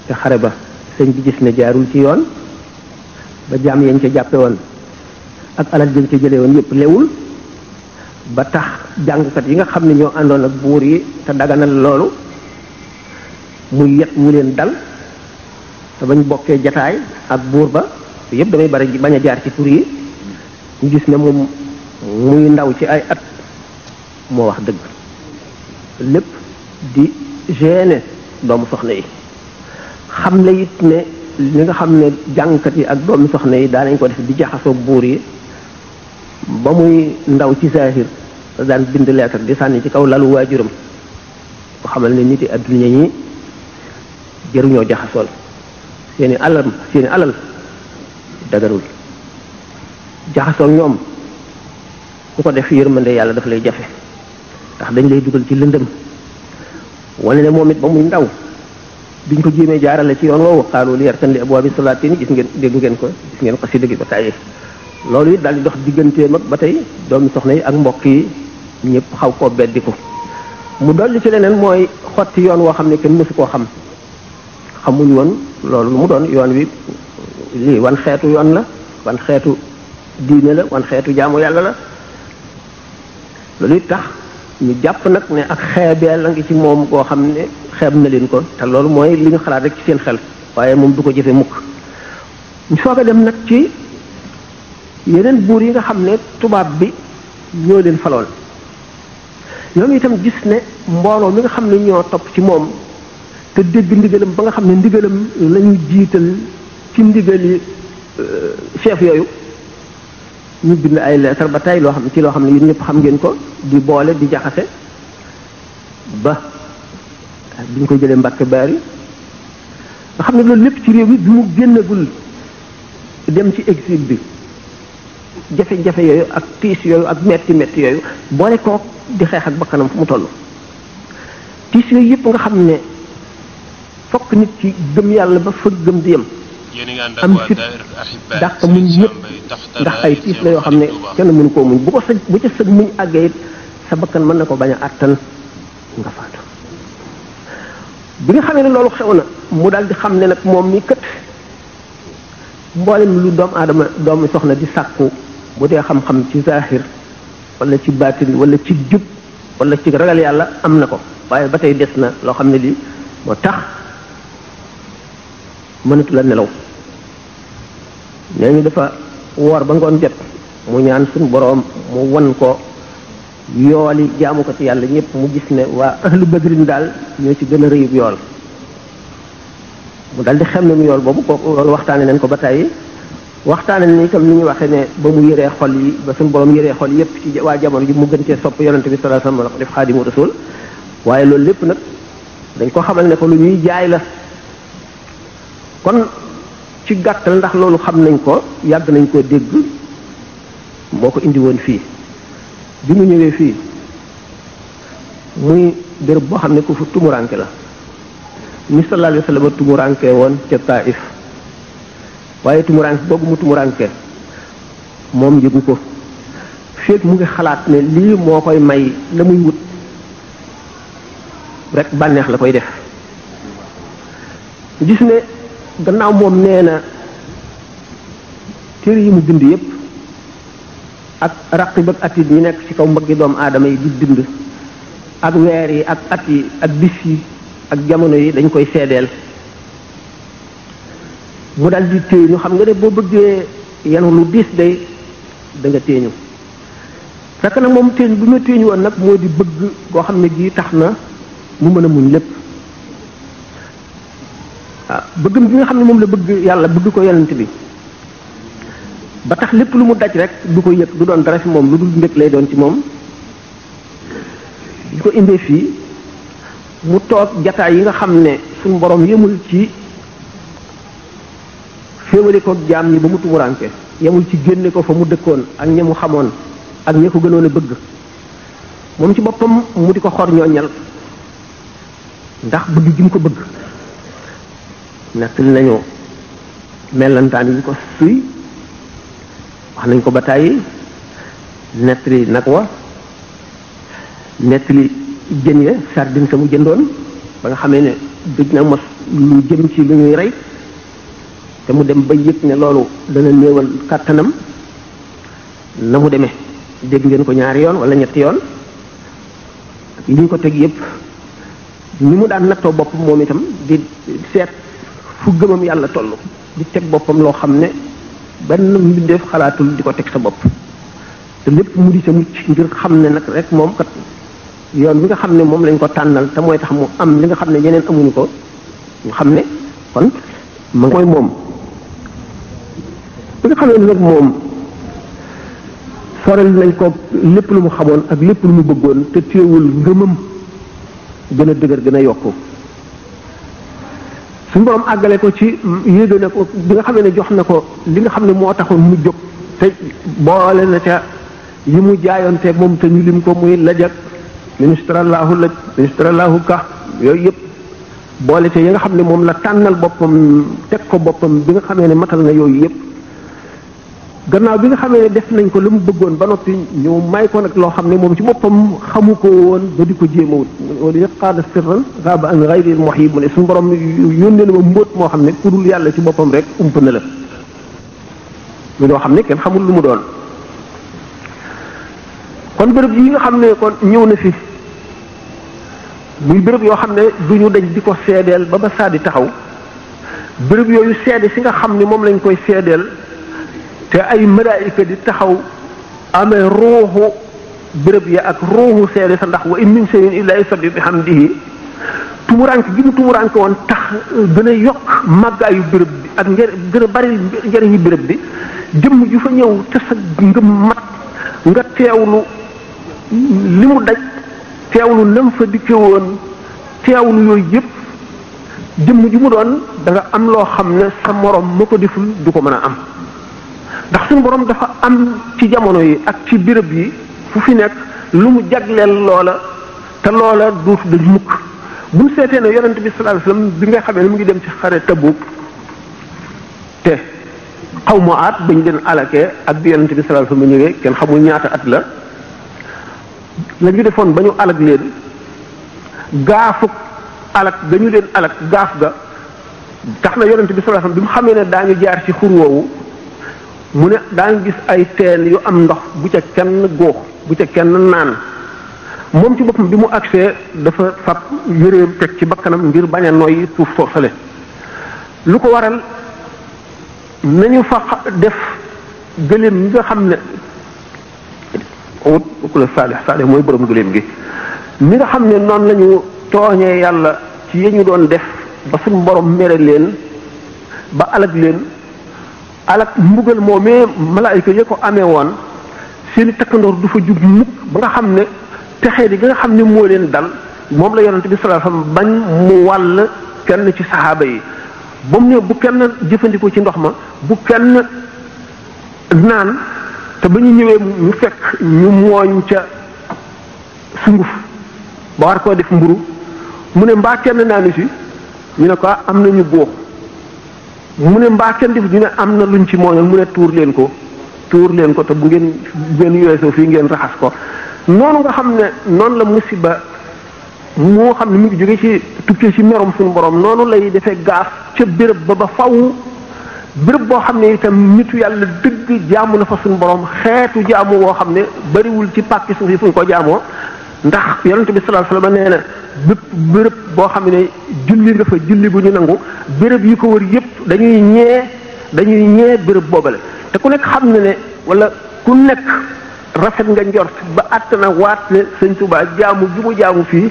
ca xare ba sëñ bi gis ne jaarul ci yoon ba jaam yañ ca jàppe ak alal jën ca jële woon yépp lewul ba tax jàngkat yi nga xam ne ñoo àndoon ak buur yi te daganal loolu mu yet mu leen dal te bañ bokkee jataay ak buur ba yépp damay bari bañ a jaar ci tur yi ñu gis ne moom muy ndaw ci ay at moo wax dëgg lépp di gêne doomu soxna yi xam le it ne li nga xam ne jàngkat yi ak doomu soxna yi daal daanañ ko def di jaxasoog buur yi ba muy ndaw ci zahir daan bind leetar di sànni ci kaw lalu waajuram ko xamal ne nit yi adduna ñi jëruñoo jaxasool seeni alal seeni alal dagarul jaxasool ñoom ku ko def yërmande yàlla daf lay jafe ndax dañ lay dugal ci lëndëm wane ne moom it ba muy ndaw biñ ko jéemee jaarale ci yoon woowu xaalu li yartan li abwaabi salaatin gis ngeen dégg ngeen ko gis ngeen ci gi ba tàyyi loolu it daal di dox digganteem ak ba tey doomi soxna yi ak mbokk yi ñëpp xaw koo beddiku mu dolli ci leneen mooy xotti yoon woo xam ne kenn mësu koo xam xamuñ woon loolu mu doon yoon wi lii wan xeetu yoon la wan xeetu diine la wan xeetu jaamu yàlla la loolu it tax ñu jàpp nag ne ak xeebeel la ngi ci moom goo xam ne xeeb na leen ko te loolu mooy li ñu xalaat rek ci seen xel waaye moom du ko jëfe mukk ñu soog a dem nag ci yeneen buur yi nga xam ne tubaab bi ñoo leen faloon ñoom itam gis ne mbooloo mi nga xam ne ñoo topp ci moom te dégg ndigalam ba nga xam ne ndigalam lañu jiital ci ndigali euh, chef yooyu ñu bind ay leetar ba tey loo xam ne ci loo xam ne yéen ñëpp xam ngeen ko di boole di jaxase ba duñ ñu koy jëlee mbakk Baari nga xam ne loolu lépp ci réew mi bi mu génnagul dem ci exil bi jafe-jafe yooyu ak tiis yooyu ak metti metti yooyu boole koo di xeex ak bakkanam fu mu toll tiis yooyu yëpp nga xam ne fokk nit ci gëm yàlla ba fa gëm di yem am fit dàq muñ ñëpp ndax ay tiis la yoo xam ne kenn mënu koo muñ bu ko sa bu ca sa muñ àggee it sa bakkan mën na ko bañ a àttan nga faatu bi nga xamee ne loolu mu daal di xam ne nag moom mii kët mboolem lu doomu aadama doomu soxna di sàkku bu dee xam-xam ci zahir wala ci baatin wala ci jub wala ci ragal yàlla am na ko waaye ba tey des na loo xam ne lii moo tax mënatu nelaw nee ñu dafa woor ba ngoon jot mu ñaan suñu boroom mu wan ko yooli ci yàlla ñëpp mu gis ne waa ahlu badrin daal ñoo ci gën a rëyub yool mu daldi xam ne mu yool boobu ko loolu waxtaane nañ ko ba tey waxtaane ni tam ni ñu waxee ne ba mu yëree xol yi ba suñu boroom yëree xol yépp ci waa jamono ji mu gën cee sopp yonente bi sallallahu alayhi wasallam def xaadimu rasul waaye loolu lépp nag dañ ko xamal ne ko lu ñuy jaay la kon ci gàttal ndax loolu xam nañ ko yàgg nañ ko dégg moo ko indi woon fii bi mu ñëwee fii muy béréb boo xam ne ku fu tumuranke la ni sallallahu alayhi wa sallam tumuranke woon ca Taif waaye tumuranke boobu mu moom yëgu ko feeg mu ngi xalaat ne lii moo koy may la muy wut rek bànneex la koy def gis ne gannaaw moom nee na téere yi mu bind yépp ak raqib ak atid yi nekk ci kaw mbëggi doomu aadama yi di bind ak weer yi ak at yi ak bis yi ak jamono yi dañ koy seedeel mu dal di téeñu xam nga ne boo bëggee yenu lu diis day da nga téeñu fekk nag moom téeñ bu ma téeñu woon nag moo di bëgg koo xam ne gii tax na mu mën a muñ lépp Ah, bëggam bi nga xam ne moom la bëgg yàlla bëgg ko yonent bi ba tax lépp lu mu daj rek du ko yëg du doon dara fi moom lu dul mbég lay doon ci moom di ko indee fii mu toog jataay yi nga xam ne suñu borom yemul ci féewale ko jaam ñi ba mu tumuraanke yemul ci génne ko fa mu dëkkoon ak ña mu xamoon ak ña ko gënoon bëgg moom ci boppam mu di ko xor ñooñal ndax bëgg gi mu ko bëgg nettali nañu mellantaan yi ko suy wax nañ ko ba tàyyi nettali nag wa nettali jën ya sardine sa mu jëndoon ba nga xamee ne dëj na mos lu jëm ci lu ñuy rey te mu dem ba yëg ne loolu dana néewal kàttanam na mu deme dégg ngeen ko ñaari yoon wala ñetti yoon li ñu ko teg yépp ni mu daan nattoo bopp moom itam di seet fu gëmam yàlla toll di teg boppam loo xam ne benn mbindeef xalaatul di ko teg sa bopp te lépp mu di sa mucc ngir xam ne nag rek moom kat yoon bi nga xam ne moom lañ ko tànnal te mooy tax am li nga xam ne yeneen amuñu ko ñu xam ne kon ma mooy moom bi nga nag moom sorel nañ ko lépp lu mu xamoon ak lépp lu mu bëggoon te téewul ngëmam gën a dëgër gën a yokk suñu borom àggale ko ci yéege na ko bi nga xam ne jox na ko li nga xam ne moo taxoon mu jóg te boole na ca yi mu jaayoonteeg moom te ñu lim ko muy lajak ministre laahu laj ministre laahu ka yooyu yëpp boole ca yi nga xam ne moom la tànnal boppam teg ko boppam bi nga xamee ne matal na yooyu yëpp gannaaw bi nga xamee ne def nañ ko lu mu bëggoon ba noppi ñu may ko nag loo xam ne moom ci boppam xamu ko woon ba di ko jéem a wut wala yëpp xaada sirran raaba an ghayril muhib mu ne moo xam ne ku dul boppam rek ump na la lu xam ne kenn xamul lu mu doon kon bërëb yi nga xam ne ñëw na fi muy bërëb yoo xam ne duñu dañ di ko seedeel ba ba saa di taxaw bërëb yooyu seede si nga xam ne moom lañ koy seedeel te ay malaayika di taxaw amee ruuxu béréb ya ak ruuxu seede sa ndax wa in min shay'in illa yusabbihu bihamdihi tumurank gi mu tumurank woon tax gën a yokk màggaayu béréb bi ak njër gën bi jëmm ju fa ñëw te sa ngëm mat nga teewlu li mu daj teewlu nam fa dikke teewlu yooyu yëpp jëmm ju mu doon da am loo xam ne sa morom ma ko deful du ko mën a am ndax suñu boroom dafa am ci jamono yi ak ci béréb yi fu fi nekk lu mu jagleel loola te loola duutu dañ mukk bu ñu seetee ne yonent bi sallallahu alayhi bi nga xamee ne mu ngi dem ci xare Tabuk te xaw ma at bañ leen alakee ak bi yonent bi sallallahu alayhi wasallam ñëwee kenn xamul ñaata at la la ñu defoon ba ñu alak leen gaafu alak dañu leen alak gaaf ga tax na yonent bi sallallahu alayhi bi mu xamee daa ngi jaar ci xur woowu mu ne daan gis ay teen yu am ndox bu ca kenn góox bu ca kenn naan moom ci boppam bi mu agsee dafa fab yëreem teg ci bakkanam ngir bañ a noyyi suuf soosale lu ko waral nañu fa def gëléem yi nga xam ne wut ukula saalix saalix mooy borom gëléem gi ñi nga xam ne noonu la ñu tooñee yàlla ci yi ñu doon def ba suñu borom mere leen ba alag leen alak mbugal moomee malaayika ya ko amee woon seeni takkandoor du fa jug mukk ba nga xam ne texee di nga xam ne moo leen dal moom la yonente bi sallallahu alayhi wasallam bañ mu wàll kenn ci saxaaba yi ba mu ne bu kenn jëfandikoo ci ndox ma bu kenn naan te ba ñu ñëwee ñu fekk ñu mooñ ca sunguf ba war koo def mburu mu ne mbaa kenn naanu si ñu ne ko ah, am nañu góox mu ne mbaa kenn def ñu am na luñ ci moom mu ne tuur leen ko tuur leen ko te bu ngeen bu ngeen yeesoo fii ngeen raxas ko noonu nga xam ne noonu la musiba moo xam ne mu ngi jóge ci tukkee ci merom suñ borom noonu lay defee gaaf ca bërëb ba ba faw béréb boo xam ne itam nitu yàlla dëgg jaamu na fa suñ borom xeetu jaamu woo xam ne bariwul ci pàkki suuf yi fu ñu ko jaamoo ndax yonent bi sallallahu alayhi wasallam nee na bépp béréb boo xam ne julli nga fa julli bu ñu nangu bërëb yi ko wër yépp dañuy ñee dañuy ñee béréb boobale te ku nekk xam na ne wala ku nekk rafet nga njort ba àtt na waat ne sëñ Tuubaa jaamu ju mu jaamu fii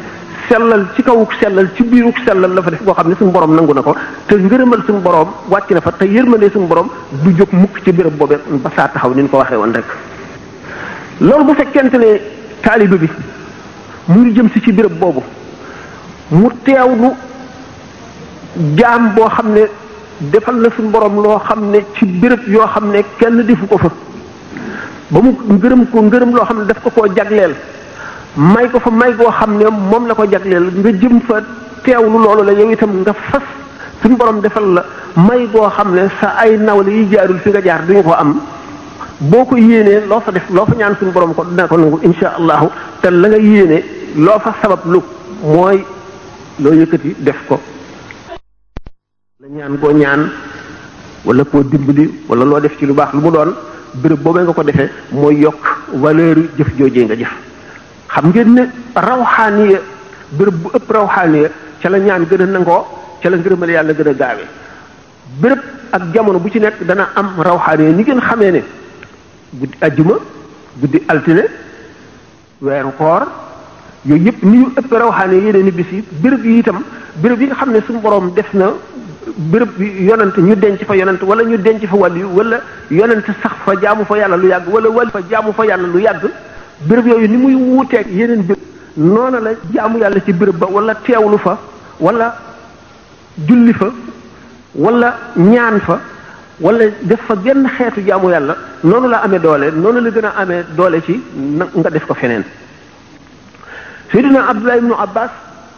sellal ci kawuk sellal ci biiruk sellal la fa def boo xam ne suñu boroom nangu na ko te ngërëmal suñu boroom wàcc na fa te yërmande suñu boroom du jóg mukk ci béréb boobee ba saa taxaw ni ñu ko waxee woon rek loolu bu fekkente ne taalibe bi mu jëm si ci béréb boobu mu teewlu jaam boo xam ne defal na suñu boroom loo xam ne ci béréb yoo xam ne kenn defu ko fa ba mu ngërëm ko ngërëm loo xam ne daf ko koo jagleel may ko fa may goo xam ne moom la ko jagleel nga jëm fa teew teewlu loolu la yow itam nga fas suñu borom defal la may goo xam ne sa ay nawle yi jaarul fi nga jaar duñu ko am boo ko yéenee loo fa def loo fa ñaan suñu boroom ko dina ko nangu insha allahu te la nga yéene loo fa sabab lu mooy loo yëkkati def ko la ñaan koo ñaan wala koo dimbali wala loo def ci lu baax lu mu doon béréb boobee nga ko defe mooy yokk valeur jëf joojee nga jëf xam ngeen ne rawxaaniya bërëb bu ëpp rawxaaniya ca la ñaan gën a nangoo ca la ngërëmal yàlla gën a gaawe bërëb ak jamono bu ci nekk dana am rawxaaniya ni ngeen xamee ne guddi ajjuma guddi altine weeru koor yooyu yëpp ni ñu ëpp rawxaane yeneen i bis yi béréb yi itam béréb yi nga xam ne suñu borom def na béréb yonent ñu denc fa yonent wala ñu denc fa wàll yu wala yonent sax fa jaamu fa yàlla lu yàgg wala wàll fa jaamu fa yàlla lu yàgg bërëb yooyu ni muy wuuteeg yeneen béréb noona la jaamu yàlla ci béréb ba wala teewlu fa wala julli fa wala ñaan fa wala def fa genn xeetu jaamu yàlla noonu la amee doole noonu la gën a amee doole ci nga def ko feneen Seydina Abdullah ibnu Abbas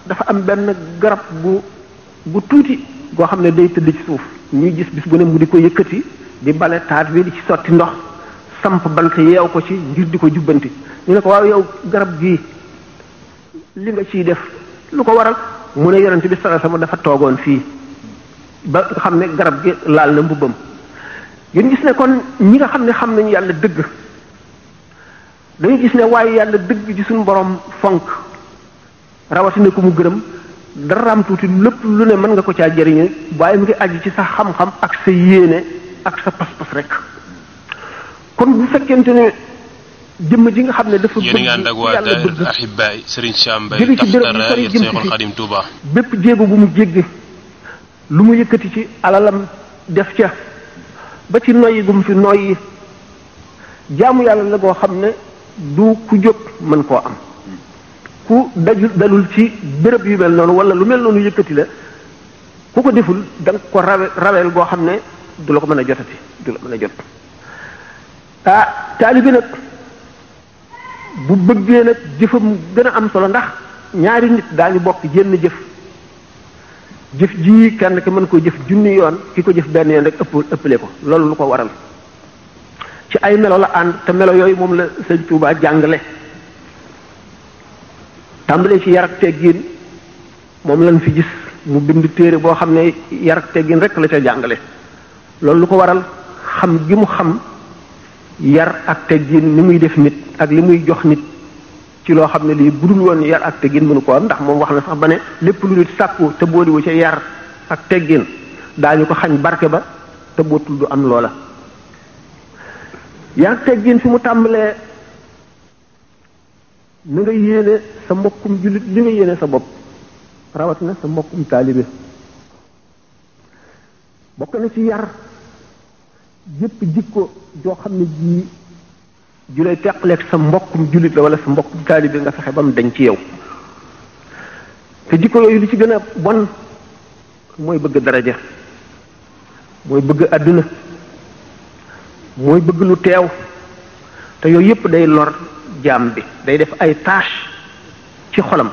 dafa am benn garab gu gu tuuti goo xam ne day tëdd ci suuf ñuy gis bis bu ne mu di ko yëkkati di bale taat bi di ci sotti ndox samp bant yeew ko ci ngir di ko jubbanti ñu ne ko waaw yow garab gi li nga ciy def lu ko waral mu ne yonent bi sallallahu alayhi wasallam dafa toogoon fii ba nga xam ne garab gi laal na mbubbam ngeen gis ne kon ñi nga xam ne xam nañu yàlla dëgg dañuy gis ne waaye yàlla dëgg ci suñu boroom fonk rawatina ko mu gërëm daraam tuuti lépp lu ne mën nga ko caa jëriñu waaye mu ngi aju ci sa xam-xam ak sa yéene ak sa pas-pas rek kon bu fekkente ne jëmm ji nga xam ne dafa bëgg yàlla bëgg ahibaay Serigne Sam Mbaye jëli ci bu sori jëm ci Xadim mu jéggi lu mu yëkkati ci alalam def ca ba ci noyyi gum fi noyyi jaamu yàlla la goo xam ne du ku jóg mën koo am ku daju dalul ci béréb yu mel noonu wala lu mel noonu yëkkati la ku ko deful da nga ko rawe raweel boo xam ne du la ko mën a jotati du la mën a jot ah taalibi nag bu bëggee nag jëfam gën a am solo ndax ñaari nit daa ñu bokk jenn jëf jëf ji kenn ki mën koo jëf junni yoon ki ko jëf benn yoon rek ëpp ëppale ko loolu lu ko waral ci ay melow la ànd te melo yooyu moom la sëñ Touba jàngale tàmbalee ci yar ak teggin moom lañ fi gis mu bind téere boo xam ne yar ak teggin rek la ca jàngale loolu lu ko waral xam gi mu xam yar ak teggin ni muy def nit ak li muy jox nit ci loo xam ne lii bu dul woon yar ak teggin mënu ko am ndax moom wax na sax ba ne lépp lu nit sàkku te booliwu ca yar ak teggin daañu ko xañ barke ba te bootul du am loola yaag teggin fi mu tàmbalee na nga yéene sa mbokkum jullit li nga yéene sa bopp rawat na sa mbokkum taalibe bokk na ci yar yépp jikko joo xam ne jii ju lay teqaleeg sa mbokkum jullit la wala sa mbokkum taalibe nga fexe ba mu dañ ci yow te jikko yooyu li ci gën a bon mooy bëgg daraja mooy bëgg àdduna mooy bëgg lu teew te yooyu yépp day lor jaam bi day def ay tâche ci xolam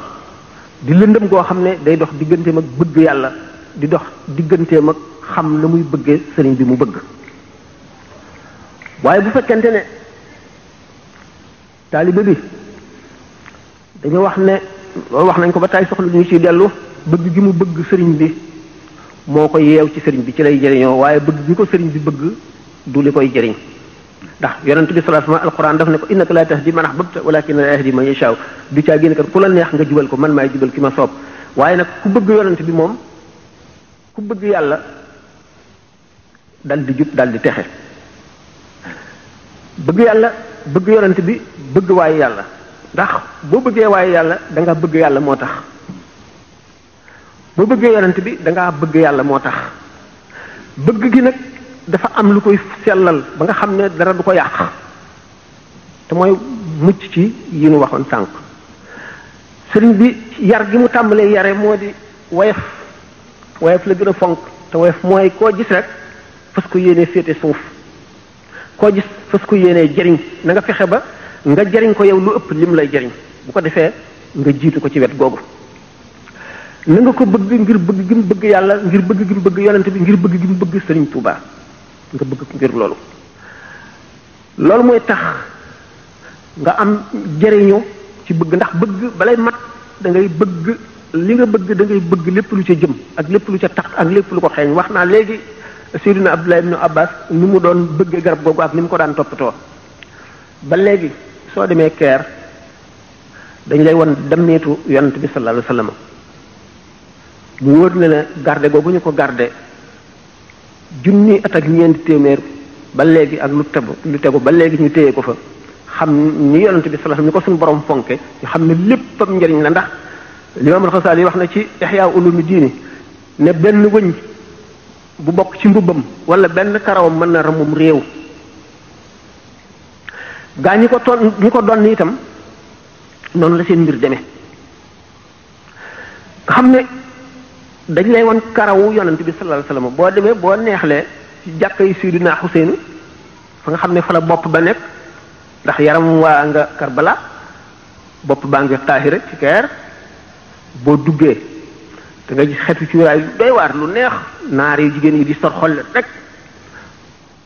di lëndëm goo xam ne day dox digganteem ak bëgg yàlla di dox digganteem ak xam na muy bëggee sëriñ bi mu bëgg waaye bu fekkente ne taalibe bi dañu wax ne loolu wax nañ ko ba tay soxla ñu ci dellu bëgg gi mu bëgg sëriñ bi moo ko yeew ci sëriñ bi ci lay jëriñoo waaye bëgg gi ko sëriñ bi bëgg du li koy jëriñ ndax yonent bi sallallahu alayhi wasallam alquran daf ne ko innaka la tahdi man ahbabta walakin la yahdi man yashaa du caa génn kat ku la neex nga jubal ko man maay jubal ki ma soob waaye nag ku bëgg yonent bi moom ku bëgg yàlla dal di jub dal di texe bëgg yàlla bëgg yonent bi bëgg waaye yàlla ndax boo bëggee waaye yàlla dangaa bëgg yàlla moo tax boo bëggee yonent bi da bëgg yàlla moo tax bëgg nag dafa am lu koy sellal ba nga xam ne dara du ko yàq te mooy mucc ci yi nu waxoon sànq sëriñ bi yar gi mu tàmbalee yare moo di woyof woyof la gën a fonk te woyof mooy koo gis rek fas ko yéene féete suuf koo gis fas ko yéenee jëriñ na nga fexe ba nga jëriñ ko yow lu ëpp lim lay jëriñ bu ko defee nga jiitu ko ci wet googu na nga ko bëgg ngir bëgg gi mu bëgg yàlla ngir bëgg gi bëgg yonent bi ngir bëgg gi mu bëgg sëriñ Tuubaa nga bëgg ngir loolu loolu mooy tax nga am jëriñoo ci bëgg ndax bëgg balay mat dangay ngay bëgg li nga bëgg dangay bëgg lépp lu ca jëm ak lépp lu ca tax ak lépp lu ko xeeñ wax naa léegi Seydina Abdullah ibn Abbas nu mu doon bëggee garab googu ak ni mu ko daan toppatoo ba léegi soo demee keer dañ lay won dem demneetu yonent bi sallallahu alayhi wasallam bu wóor na ne garde googu ñu ko garde junni at ak ñeenti téeméer ba léegi ak lu tegu lu tegu ba léegi ñu téye ko fa xam ñu yonent bi sallallahu ni ko suñu borom fonke ñu xam ne léppam njëriñ la ndax limaam al-Xasaali wax na ci Ihya Ulumi Diini ne benn wëñ bu bokk ci mbubbam wala benn karawam mën na ramum réew gaa ñi ko ton ñi ko doon itam noonu la seen mbir deme xam ne dañ lay won karawu yonent bi sallallahu alayhi wasallam boo demee boo neexlee ci jàkka yi Seydina Xuseenu fa nga xam ne fa la bopp ba nekk ndax yaram waa nga Karbala bopp baa nga Taahira ci Caire boo duggee da nga gis xetu ci wéraay lu doy waar lu neex naar yu jigéen yi di sor xol rek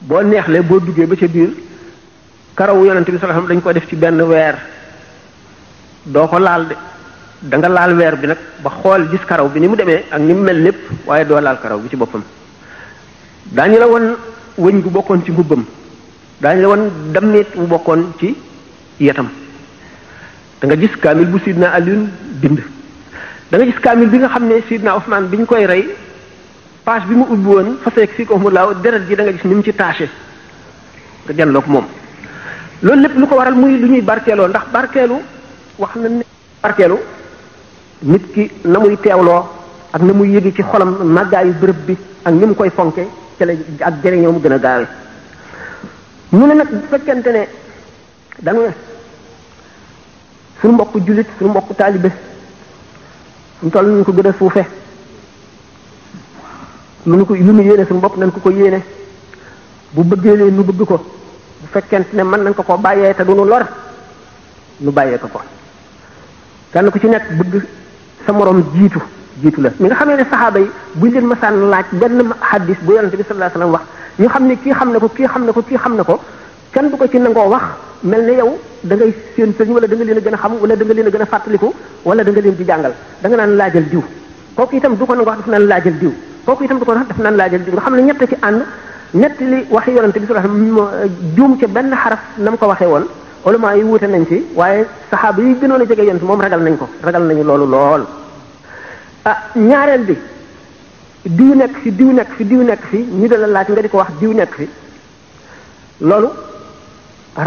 boo neexlee boo duggee ba ca biir karawu yonent bi sallallahu alayhi wasallam dañ ko def ci benn weer doo ko laal de danga laal weer bi nag ba xool gis karaw bi ni mu demee ak ni mu mel lépp waaye doo laal karaw bi ci boppam daañu la won wëñ gu bokkoon ci mbubbam daañu la won damit wu bokkoon ci yetam danga gis kaamil bu sidna Alioune bind da gis kaamil bi nga xam ne sidna Ousmane bi ñu koy rey page bi mu ubbi woon faseek fii ko mu laaw deret ji da nga gis ni mu ci taché nga janloog moom loolu lépp lu ko waral muy lu ñuy barkeeloo ndax barkeelu wax na ne barkeelu nit ki na muy teewloo ak na muy yëge ci xolam màggaayu bërëb bi ak ni mu koy fonke ci la ak jëriñoo mu gën a gaawe ñu ne nag bu fekkente ne dañu ne suñu mbokku jullit suñu mbokku taalibe suñu toll ñu ko gën a suufe lu ñu ko lu ñu mbokk nañ ko ko yéene bu bëggee leen nu bëgg ko bu fekkent ne mën nañ ko ko bàyyee te du nu lor nu bàyyee ko ko ku ci nekk bëgg sa morom jiitu jiitu la mi nga xamee ne saxaaba yi buñ leen masaan laaj benn xaddis bu yonente bi sallallahu alayhi wasallam wax ñu xam ne kii xam na ko kii xam na ko kii xam na ko kenn du ko ci nangoo wax mel ne yow da ngay seen sëñ wala da nga leen a gën a wala da nga leen a gën a wala da nga leen di jàngal da nga naan laajal diw kooku tam du ko nangoo wax daf naan laajal diw kooku itam du ko wax daf naan laajal diw nga xam ne ñett ci ànd ñett li waxi yonente bi sallallahu alayhi wasallam juum ca benn xaraf na mu ko waxee woon ulama yi wuute nañ ci waaye saxaaba yi gënoon a jege yonent moom ragal nañ ko ragal nañu loolu lool ah ñaareel bi diw nekk fi diw nekk fi diw nekk fi ñu dala laaj nga di ko wax diw nekk fi loolu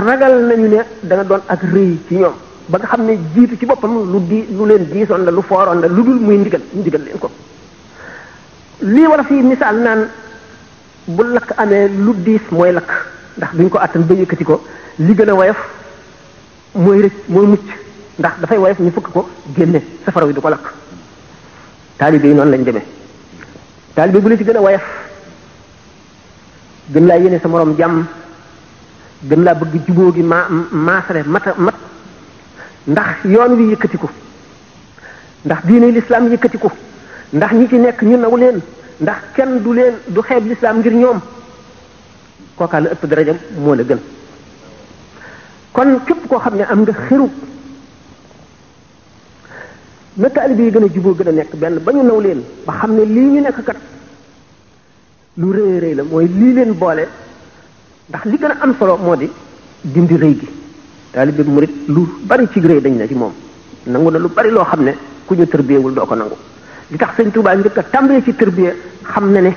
ragal nañu ne dana doon ak rëy ci ñoom ba nga xam ne jiitu ci boppam lu di lu leen diisoon la lu fooroon la lu dul muy ndigal ndigal leen ko lii war a fii misaal naan bu lakk amee lu diis mooy lakk ndax duñ ko attan ba yëkkati ko li gën a woyof mooy rëcc mooy mucc ndax dafay woyof ñu fukk ko génne safara wi du ko lakk taalibe yi noonu lañ demee taalibe bu la ci gën a woyof gën laa yéene sa morom jàmm gën laa bëgg jubóo gi ma maasale mat mat ndax yoon wi yëkkati ko ndax diine lislaam yëkkati ko ndax ñi ci nekk ñu naw leen ndax kenn du leen du xeeb lislaam ngir ñoom kookaa la ëpp daraja moo la gën kon képp koo xam ne am nga xërub na taalibe yi gën a juboo gën a nekk benn ba ñu naw leen ba xam ne lii ñu nekk kat lu rëy rëy la mooy lii leen boole ndax li gën a am solo moo di dindi rëy gi taalibe bi murit lu bari ci rëy dañ na ci moom nangu na lu bari loo xam ne ku ñu tërbiyeewul doo ko nangu li tax sëñ Tuubaa njëkk a tàmbalee ci tërbiye xam na ne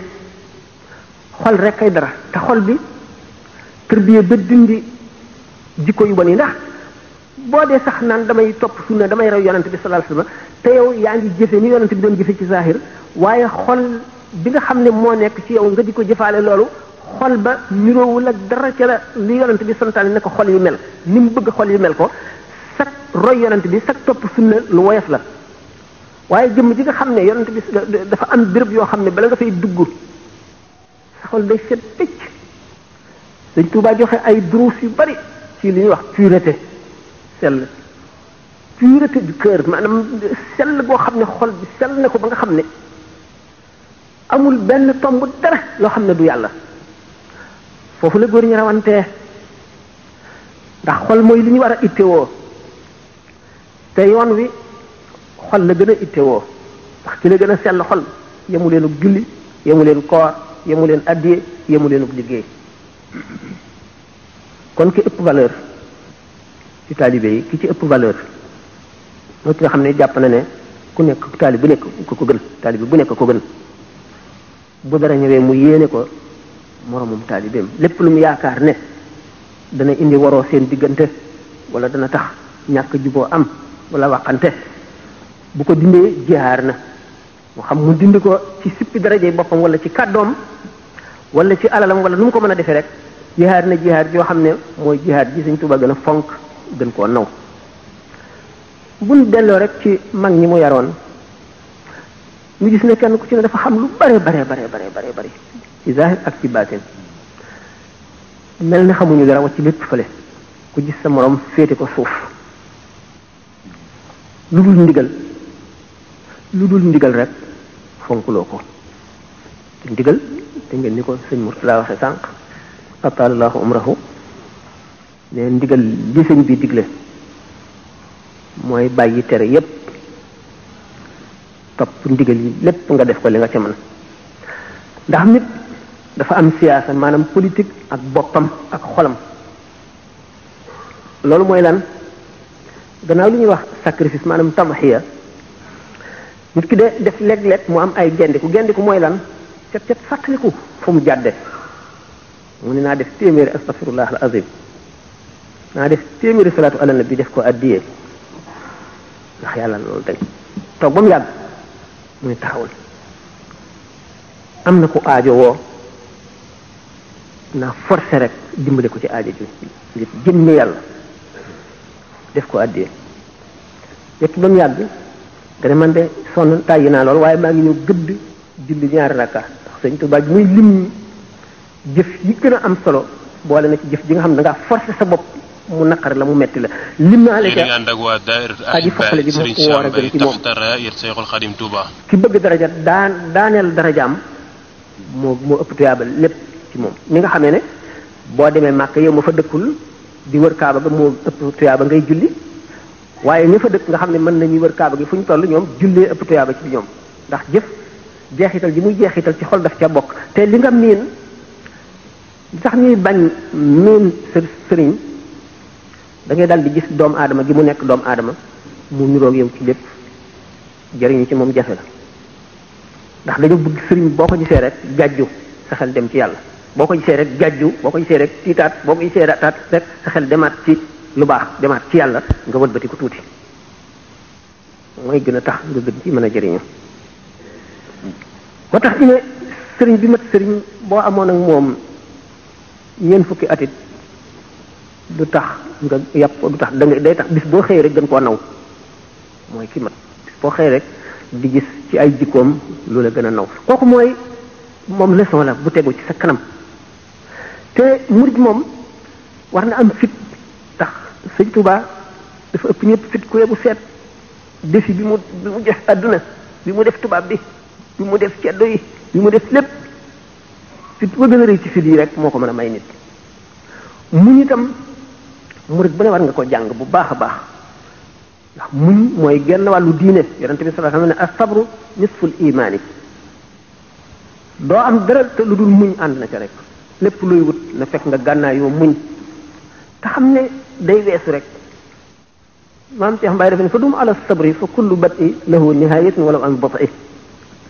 xol rek kay dara te xol bi tërbiye ba dindi jikko yu bon yi ndax boo dee sax naan damay topp sunna damay raw yonent bi sallallahu alayhi wasallam te yow yaa ngi jëfe ni yonent bi doon jëfe ci zahir waaye xol bi nga xam ne moo nekk ci yow nga di ko jëfaale loolu xol ba niroowul ak dara ca la li yonent bi santaane ne ko xol yu mel ni mu bëgg xol yu mel ko sag roy yonent bi sag topp sunna lu woyof la waaye jëmm ji nga xam ne yonent bi dafa am béréb yoo xam ne bala nga fay dugg sa xol day set pëcc dañ tuubaa joxe ay duruus yu bari ci li ñuy wax pureté sell pureté du cœur maanaam sell boo xam ne xol bi sell na ko ba nga xam ne amul benn tomb dara loo xam ne du yàlla foofu la góor ñi rawantee ndax xol mooy li ñu war a ittewoo te yoon wi xol la gën a ittewoo ndax ci la gën a sell xol yemu leenu julli yemu leen koor yemu leen addiye yemu leenu liggéey kon ki ëpp valeur ci taalibe yi ki ci ëpp valeur mooy ki nga xam ne jàpp na ne ku nekk taalibe bu nekk ku ko gën taalibe bu nekk ko gën bu dara ñëwee mu yéene ko moromum taalibeem lépp lu mu yaakaar ne dana indi waroo seen diggante wala dana tax ñàkk juboo am wala waxante bu ko dindee jihaar na mu xam mu dindi ko ci sippi darajey boppam wala ci kàddoom wala ci alalam wala nu mu ko mën a defee rek jihaad na jihaad joo xam ne mooy jihaad ji Sëriñ Tuubaa gën a fonk gën koo naw buñ delloo rek ci mag ñi mu yaroon ñu gis ne kenn ku ci ne dafa xam lu bare bare bare bare bare bare ci zahir ak ci baatin mel na xamuñu dara wax ci lépp fële ku gis sa morom féete ko suuf lu dul ndigal lu dul ndigal rek fonkuloo ko te ndigal te ngeen ni ko sëñ Murtala waxe sànq atalallahu umrahu ne ndigal li bi digle mooy bàyyi tere yépp topp ndigal yi lépp nga def ko li nga ca mën ndax nit dafa am siyaasa maanaam politik ak boppam ak xolam loolu mooy lan gannaaw li ñuy wax sacrifice maanaam tadxiya nit ki de def léeg-léeg mu am ay gendiku ku mooy lan cet cet fàttaliku fu mu jàdde mu naa def téeméer astaghfirullah al azim naa def téeméeri salaatu ala nabi def ko addiyee ndax yàlla loolu dañ toog ba mu yàgg mu ne taxawul am na ku aajo woo naa forcé rek dimbale ko ci aajo ji ngir def ko addiyee lépp ba mu yàgg gane man de sonn tàyyi naa lool waaye maa ngi ñu gëdd julli ñaari rakka ndax sëñ Tuubaa muy lim jëf yi gën a am solo boole na ci jëf ji nga xam ne da ngaa sa bopp mu naqar la mu metti la lim naa la ca aji fokkale ji moo ko war a gën ci moom ki bëgg daraja daan daaneel darajaam moo moo ëpp tuyaabal lépp ci moom ni nga xamee ne boo demee màkk yow ma fa dëkkul di wër kaaba ga moo ëpp tuyaaba ngay julli waaye ña fa dëkk nga xam ne mën nañuy wër kaaba gi fu ñu toll ñoom jullee ëpp tuyaaba ci ñoom ndax jëf jeexital ji muy jeexital ci xol daf ca bokk te li nga miin sax ñuy bañ miin sër sëriñ dangay ngay daal di gis doomu aadama gi mu nekk doomu aadama mu niroog yow ci lépp jëriñu ci moom jafe la ndax dañu bëgg sëriñ boo ko gisee rek gàjju sa xel dem ci yàlla boo ko gisee rek gàjju boo ko gisee rek tiitaat boo ko gisee taat rek sa xel demaat ci lu baax demaat ci yàlla nga wëlbati ko tuuti mooy gën a tax nga gën ci mën a jëriñu moo tax ñu sëriñ bi mat sëriñ boo amoon ak moom ñeent fukki atit du tax nga yàpp du tax da day tax bis boo xëy rek gën koo naw mooy kii mat bis boo xëy rek di gis ci ay jikkoom lu la gën a naw kooku mooy moom leçon la bu tegu ci sa kanam te murid moom war na am fit tax sëñ tubaa dafa ëpp ñëpp fit ku yebu seet defi bi mu bi mu def àdduna bi mu def tubaab bi bi mu def ceddo yi bi mu def lépp fit ba gën a rëy ci fit yi rek moo ko mën a may nit muñ itam murid bu ne war nga ko jàng bu baax a baax ndax muñ mooy genn wàllu diine yonente bi sallallahu xam ne ak sabru nisful imaani doo am dara lu dul muñ ànd na rek lépp luy wut na fekk nga gànnaayoo muñ te xam ne day weesu rek maam Cheikh Mbaye dafa ne fa dum ala sabri fa kullu bat'i lahu nihayatun wala am bata'i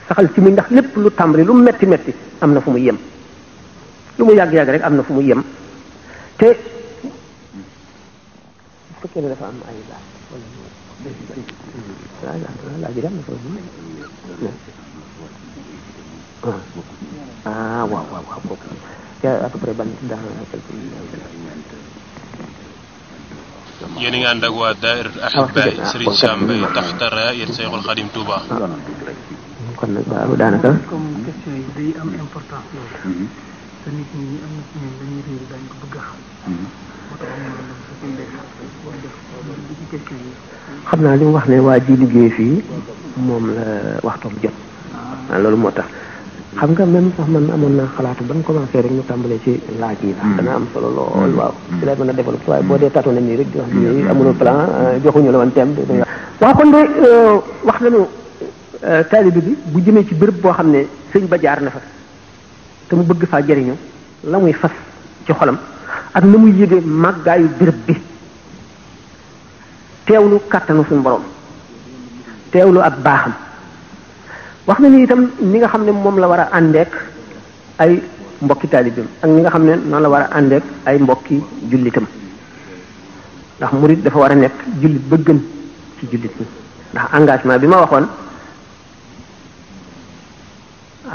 saxal ci muñ ndax lépp lu tàmbali lu metti metti am na fu mu yem lu mu yàgg yàgg rek am na fu mu yem te bu fekkee ne dafa am ay laaj laaj bi daal na fa ah waaw waaw waaw kooku à peu près ban yéen a ngi ànd ak waa Daayira Ahibaay ah, Serigne Sam Mbaye taxta raayat Seyxul Xadim Touba. kon nag waaw daanaka. comme question yi day am importance. te mhm. xam. naa li mu wax ne waa ji liggéey fii moom la waxtoom jot. waaw ah. ah, loolu moo tax. xam nga même sax man amoon naa xalaatu ban commencé rek ñu tàmbalee ci laaj yi ndax mhm. dana am solo lool waaw mhm. ci lay mën a développé waaye boo dee tatu nañ nii rek di wax yooyu amuloo plan joxuñu la woon thème kon de euh, wax nañu euh, taalibe bi bu jëmee ci bërëb boo xam ne sëñ ba jaar na fa te mu bëgg faa jariñu la muy fas ci xolam ak na muy yéege màggaayu bërëb bi teewlu kàttanu suñu borom lu ak baaxam wax na ni itam ni nga xam ne moom la war a àndeek ay mbokki taalibeem ak ni nga xam ne noonu la war a àndeek ay mbokki jullitam ndax mu murid dafa war a nekk jullit ba gën ci jullit mi ndax engagement bi ma waxoon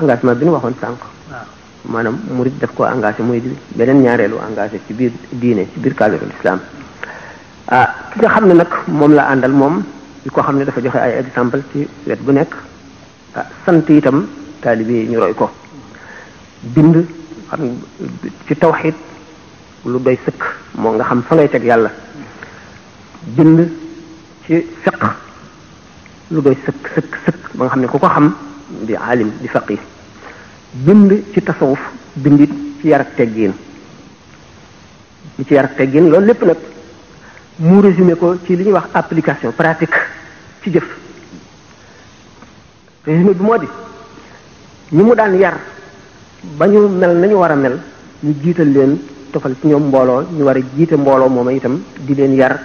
engagement bi ñu waxoon sànq maanaam murid daf ko engagé mooy beneen ñaareelu engagé ci biir diine ci biir cadre l'islam ah ki nga xam ne nag moom la àndal moom di ko xam ne dafa joxe ay exemple ci wet bu nekk ah, sant itam taalibe yi ñu roy ko bind xam ci tawxid lu doy sëkk moo nga xam fa ngay teg yàlla bind ci fiq lu doy sëkk sëkk ba nga xam ne ku ko xam di alim di faqih bind ci tasawuf bindit ci yar ak teggiin li ci yar teggiin loolu lépp nag mu résumé ko ci li ñuy wax application pratique ci jëf résumé bi moo di ñi mu daan yar ba ñu mel nañu war a mel ñu jiital leen tofal ci ñoom mbooloo ñu war a jiite mbooloo mooma itam di leen yar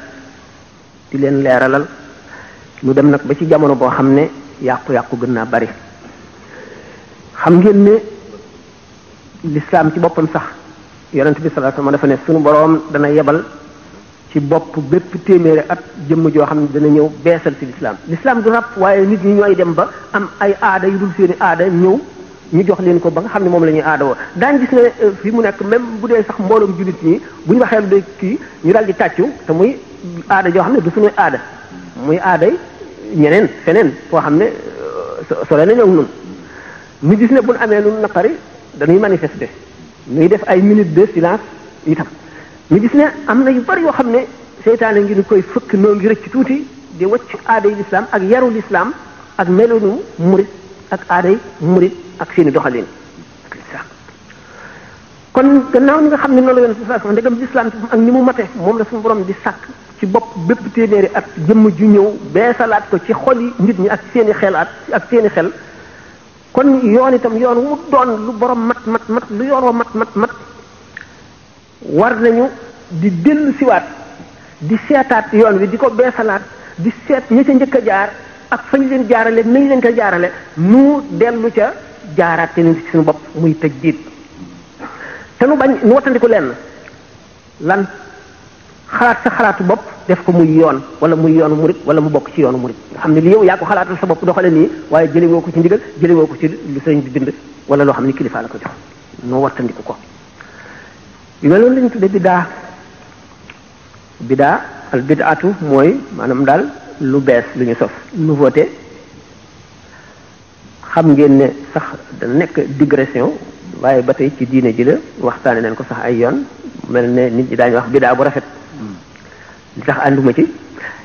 di leen leeralal mu dem nag ba ci jamono boo xam ne yàqu-yàqu gën naa bari xam ngeen ne lislaam ci boppam sax yonent bi salaatu ma dafa ne suñu boroom dana yebal ci bopp bépp téeméeri at jëmm joo xam ne dana ñëw beesal ci lislaam lislaam du ràpp waaye nit ñi ñooy dem ba am ay aada yu dul seeni aada ñëw ñu jox leen ko ba nga xam ne moom lañuy ñuy aada woo daañ gis ne euh, fi mu nekk même bu dee sax mbooloom jullit ñi bu ñu waxee lu kii ñu daal di tàccu te muy aada joo xam ne du suñuy aada muy aaday ñeneen feneen foo xam ne euh, sore nañoo ak ñun mu gis ne buñ amee lu naqari dañuy manifester muy def ay minutes de silence itam mu gis am na yu bari yoo xam ne seytaane ngi koy fëkk noo ngi rëcc tuuti di wacc aaday lislaam ak yaru lislaam ak melunu murit ak aaday murit ak seeni doxalin kon gannaaw ni nga xam ne noonu la yoon sa sa ndegam lislaam ak ni mu mate moom la suñu boroom di sàkk ci bopp bépp téeméeri ak jëmm ju ñëw bee salaat ko ci xol yi nit ñi ak seeni xelaat ak seeni xel kon yoon itam yoon wu mu doon lu boroom mat mat mat lu yoon mat mat mat war nañu di dellu siwaat di seetaat yoon wi di ko beesalaat di seet ña ca njëkk a jaar ak fañ leen jaarale nañ leen ko jaarale nu dellu ca jaaraat te ci suñu bopp muy tëj jiit te nu bañ nu wattandiku lenn lan xalaat sa xalaatu bopp def ko muy yoon wala muy yoonu murit wala mu bokk ci yoonu murit nga xam ne li yow yaa ko xalaatal sa bopp doxale nii waaye jële woo ko ci ndigal jële woo ko ci lu sëriñ bi bind wala loo xam ne kilifa ko jox noo wartandiku ko yu mel noonu lañu tudde biddaa al bidaatu mooy maanaam daal lu bees lu ñu sos nouveauté xam ngeen ne sax dana nekk digression waaye ba tey ci diine ji la waxtaane nañ ko sax ay yoon mel ne nit ñi daañu wax bidaa bu rafet sax tax ànduma ci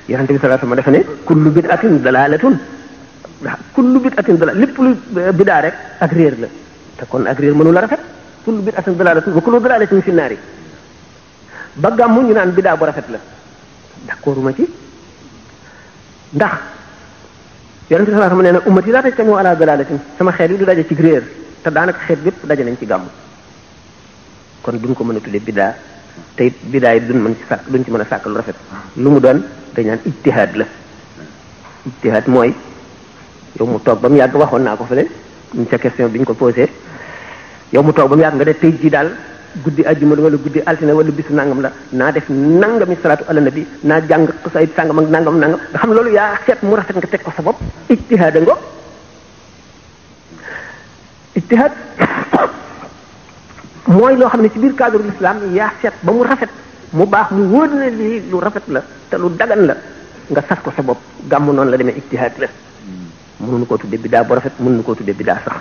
yonente bi sallallahu alayhi wasallam dafa ne kullu bid'atin dalalatun ndax kullu bid'atin dalal lépp lu euh, bidaa rek ak réer la te kon ak réer mënu la rafet kullu bid'atin dalalatun wa kullu dalalatin fi naari ba mu ñu naan bidaa bu rafet la d'accorduma ci ndax yonente bi sallallahu alayhi wasallam nee na ummati laa tajtamu ala dalalatin sama xeet yi du daje ci te daanaka xeet bépp daje nañ ci gàmm kon duñ ko mën a tuddee biddaa te it biddaa it mën ci sàkk duñ ci mën a sàkk lu rafet lu mu doon dañ naan ijtihaad la ijtihaad mooy yow mu toog ba mu yàgg waxoon naa ko fële ñu ca question bi ñu ko posé yow mu toog ba mu yàgg nga def tey jii daal guddi ajjuma wala guddi altine wala bisu nangam la naa def nangami salaatu ala nabi naa jàng xasaayid sàngam ak nangam nangam nga xam loolu yaa xeet mu rafet nga teg ko sa ijtihaad mooy loo xam ne ci biir cadre l'islam yaa set ba mu rafet mu baax mu wóor ne lii lu rafet la te lu dagan la nga sas ko sa bopp gàmm noonu la demee ijtihaad la mënuñu koo tuddee biddaa bu rafet mënuñu koo tuddee biddaa sax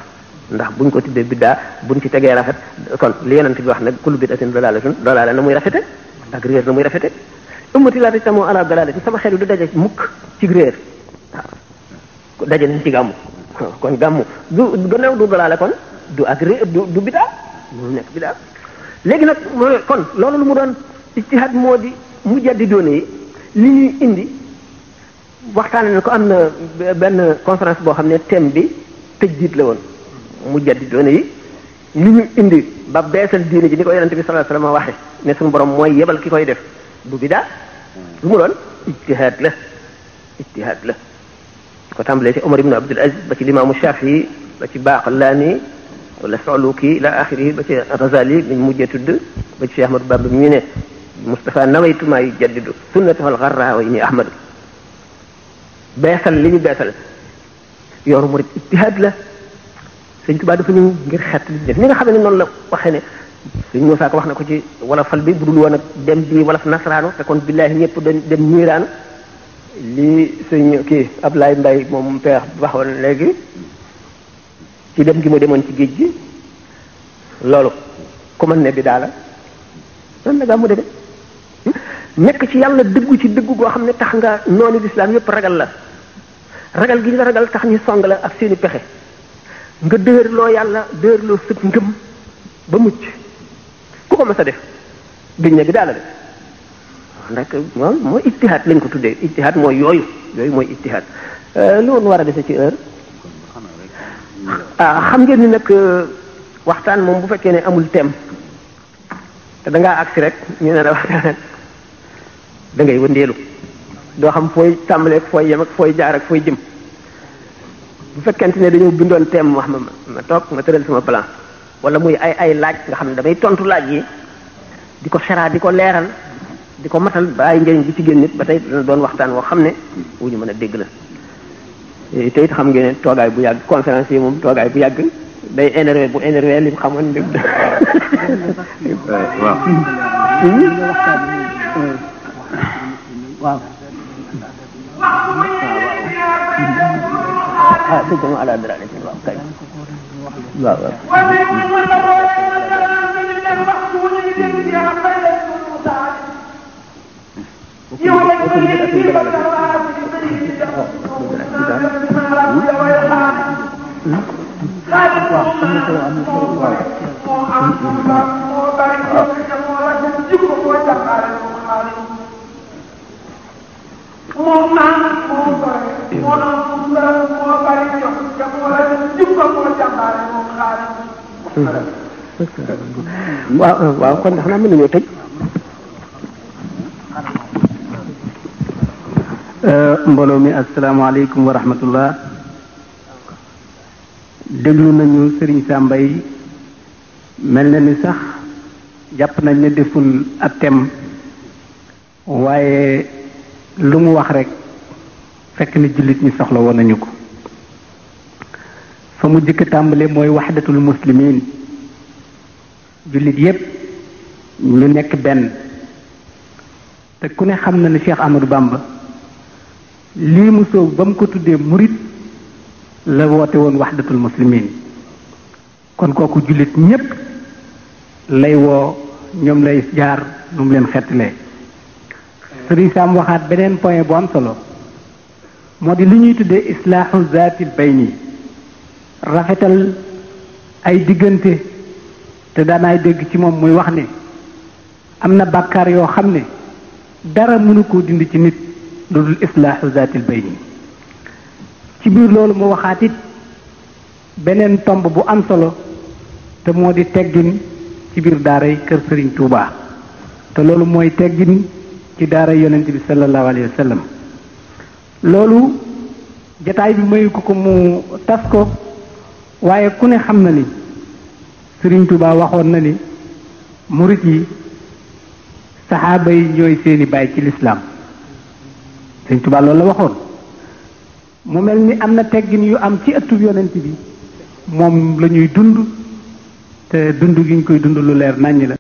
ndax buñ ko tuddee biddaa buñ ci tegee rafet kon li yonent bi wax nag kullu bid'atin dalaalatun dalaala na muy rafete ak réer na muy rafete ummati laa tajtamu ala dalaalati sama xel du daje mukk ci réer waaw daje ci gàmmu kon gàmmu du gannaaw du dalaale kon du agré du du bidaa mu nekk bidaa léegi nag kon loolu lu mu doon ijtihaad moo di mujaddidoon yi li ñuy indi waxtaane na ko am na benn conférence boo xam ne thème bi tëjdiit la woon mujaddidoon yi li ñu indi ba beesal diine ji ni ko yonente bi sallallahu alayhi wasallam waxe ne suñu borom mooy yebal ki koy def du bidaa lu mu doon ijtihaad la ijtihaad la ko tàmbalee ci Omar ibn Abdul Aziz ba ci limaamu Shafi ba ci Baqlaani wala Suluki ila axiri ba ci Razali bi ñu mujjee tudd ba ci Cheikh Ahmadou Bamba mi ñu ne Moustapha nawaytu maa yujaddidu sunnatahu al-gharra wa inni Ahmadu beesal li ñu beesal yoonu la sëñ Tuubaa dafa ñu ngir xet li def ni nga xam ne noonu la waxee ne sëñ Moussa ko wax na ko ci wala fal bi budul woon ak dem bi wala nasaraanu kon bila ñëpp dem dem ñiiraanu lii sëñ kii Ablaye mbay moom peex waxoon léegi ci dem gi mu demoon ci géej gi loolu ku mën ne bi daala noonu la gaa mu demee nekk ci yàlla dëggu ci dëggu goo xam ne tax nga noonu lislaam yépp ragal la ragal gi ñu la ragal tax ñu song la ak seeni pexe nga dëërloo yàlla dëërloo sëg ngëm ba mucc ku ko mës a def duñ ne bi daala de ndax moom mooy ijtihaad lañ ko tuddee ijtihaad mooy yooyu yooyu mooy ijtihaad loolu euh, war a dese ci heure ah, xam ngeen ni nag euh, waxtaan moom bu fekkee ne amul thème te da agsi rek ñu ne la waxtaan da wëndeelu doo xam fooy tàmbalee fooy yem fooy jaar ak fooy jëm bu fekkente ne dañoo bindoon thème wax ma ma toog ma tëral sama plan wala muy ay ay laaj nga xam ne damay tontu laaj yi di ko sera di ko leeral. di ko matal ba ngeen bi ci génn nit ba tey doon waxtaan woo xam ne wu ñu mën a dégg la eh, te it xam ngeen ne bu yàgg conférence yi moom toogaay bu yàgg day énervé bu énervé li xamoon lépp. waaw. Hmm? Ah, waaw waaw kon xanaa mën nañoo tëj mbooloo mi asalaamaaleykum wa rahmatullah déglu nañu sëriñ Samba mbay mel na ni sax jàpp nañ ne deful ab tem waaye lu mu wax rek fekk ni jullit ñi soxla woon nañu ko fa mu jëkk tàmbale mooy waxdatul muslimin jullit yépp ñu nekk benn te ku ne xam na ni Cheikh Amadou Bamba lii mu sóobu ba mu ko tuddee murit la woote woon waxdatul muslimin kon kooku jullit ñépp lay woo ñoom lay jaar nu mu leen xettalee sëriñ Saam waxaat beneen point bu am solo moo di li ñuy tuddee islaaxu zaatil bayni rafetal ay diggante te daanaay dégg ci moom muy wax ni am na bàkkaar yoo xam ne dara mënu koo dindi ci nit lu dul islaaxu zaatil bayni ci biir loolu mu waxaat it beneen tomb bu am solo te moo di teggin ci biir daaray kër sëriñ tuuba te loolu mooy teggin ci daaray yonent bi sallallahu alayhi wa sallam loolu jataay bi mayu ko ko mu tas ko waaye ku ne xam na ni sëriñ Touba waxoon na ni murit yi saxaaba yi ñooy seeni baay ci lislaam sëñ Tuubaa loolu la waxoon mu mel ni am na teggin yu am ci ëttub yonent bi moom lañuy ñuy dund te dund gi ñu koy dund lu leer naññ la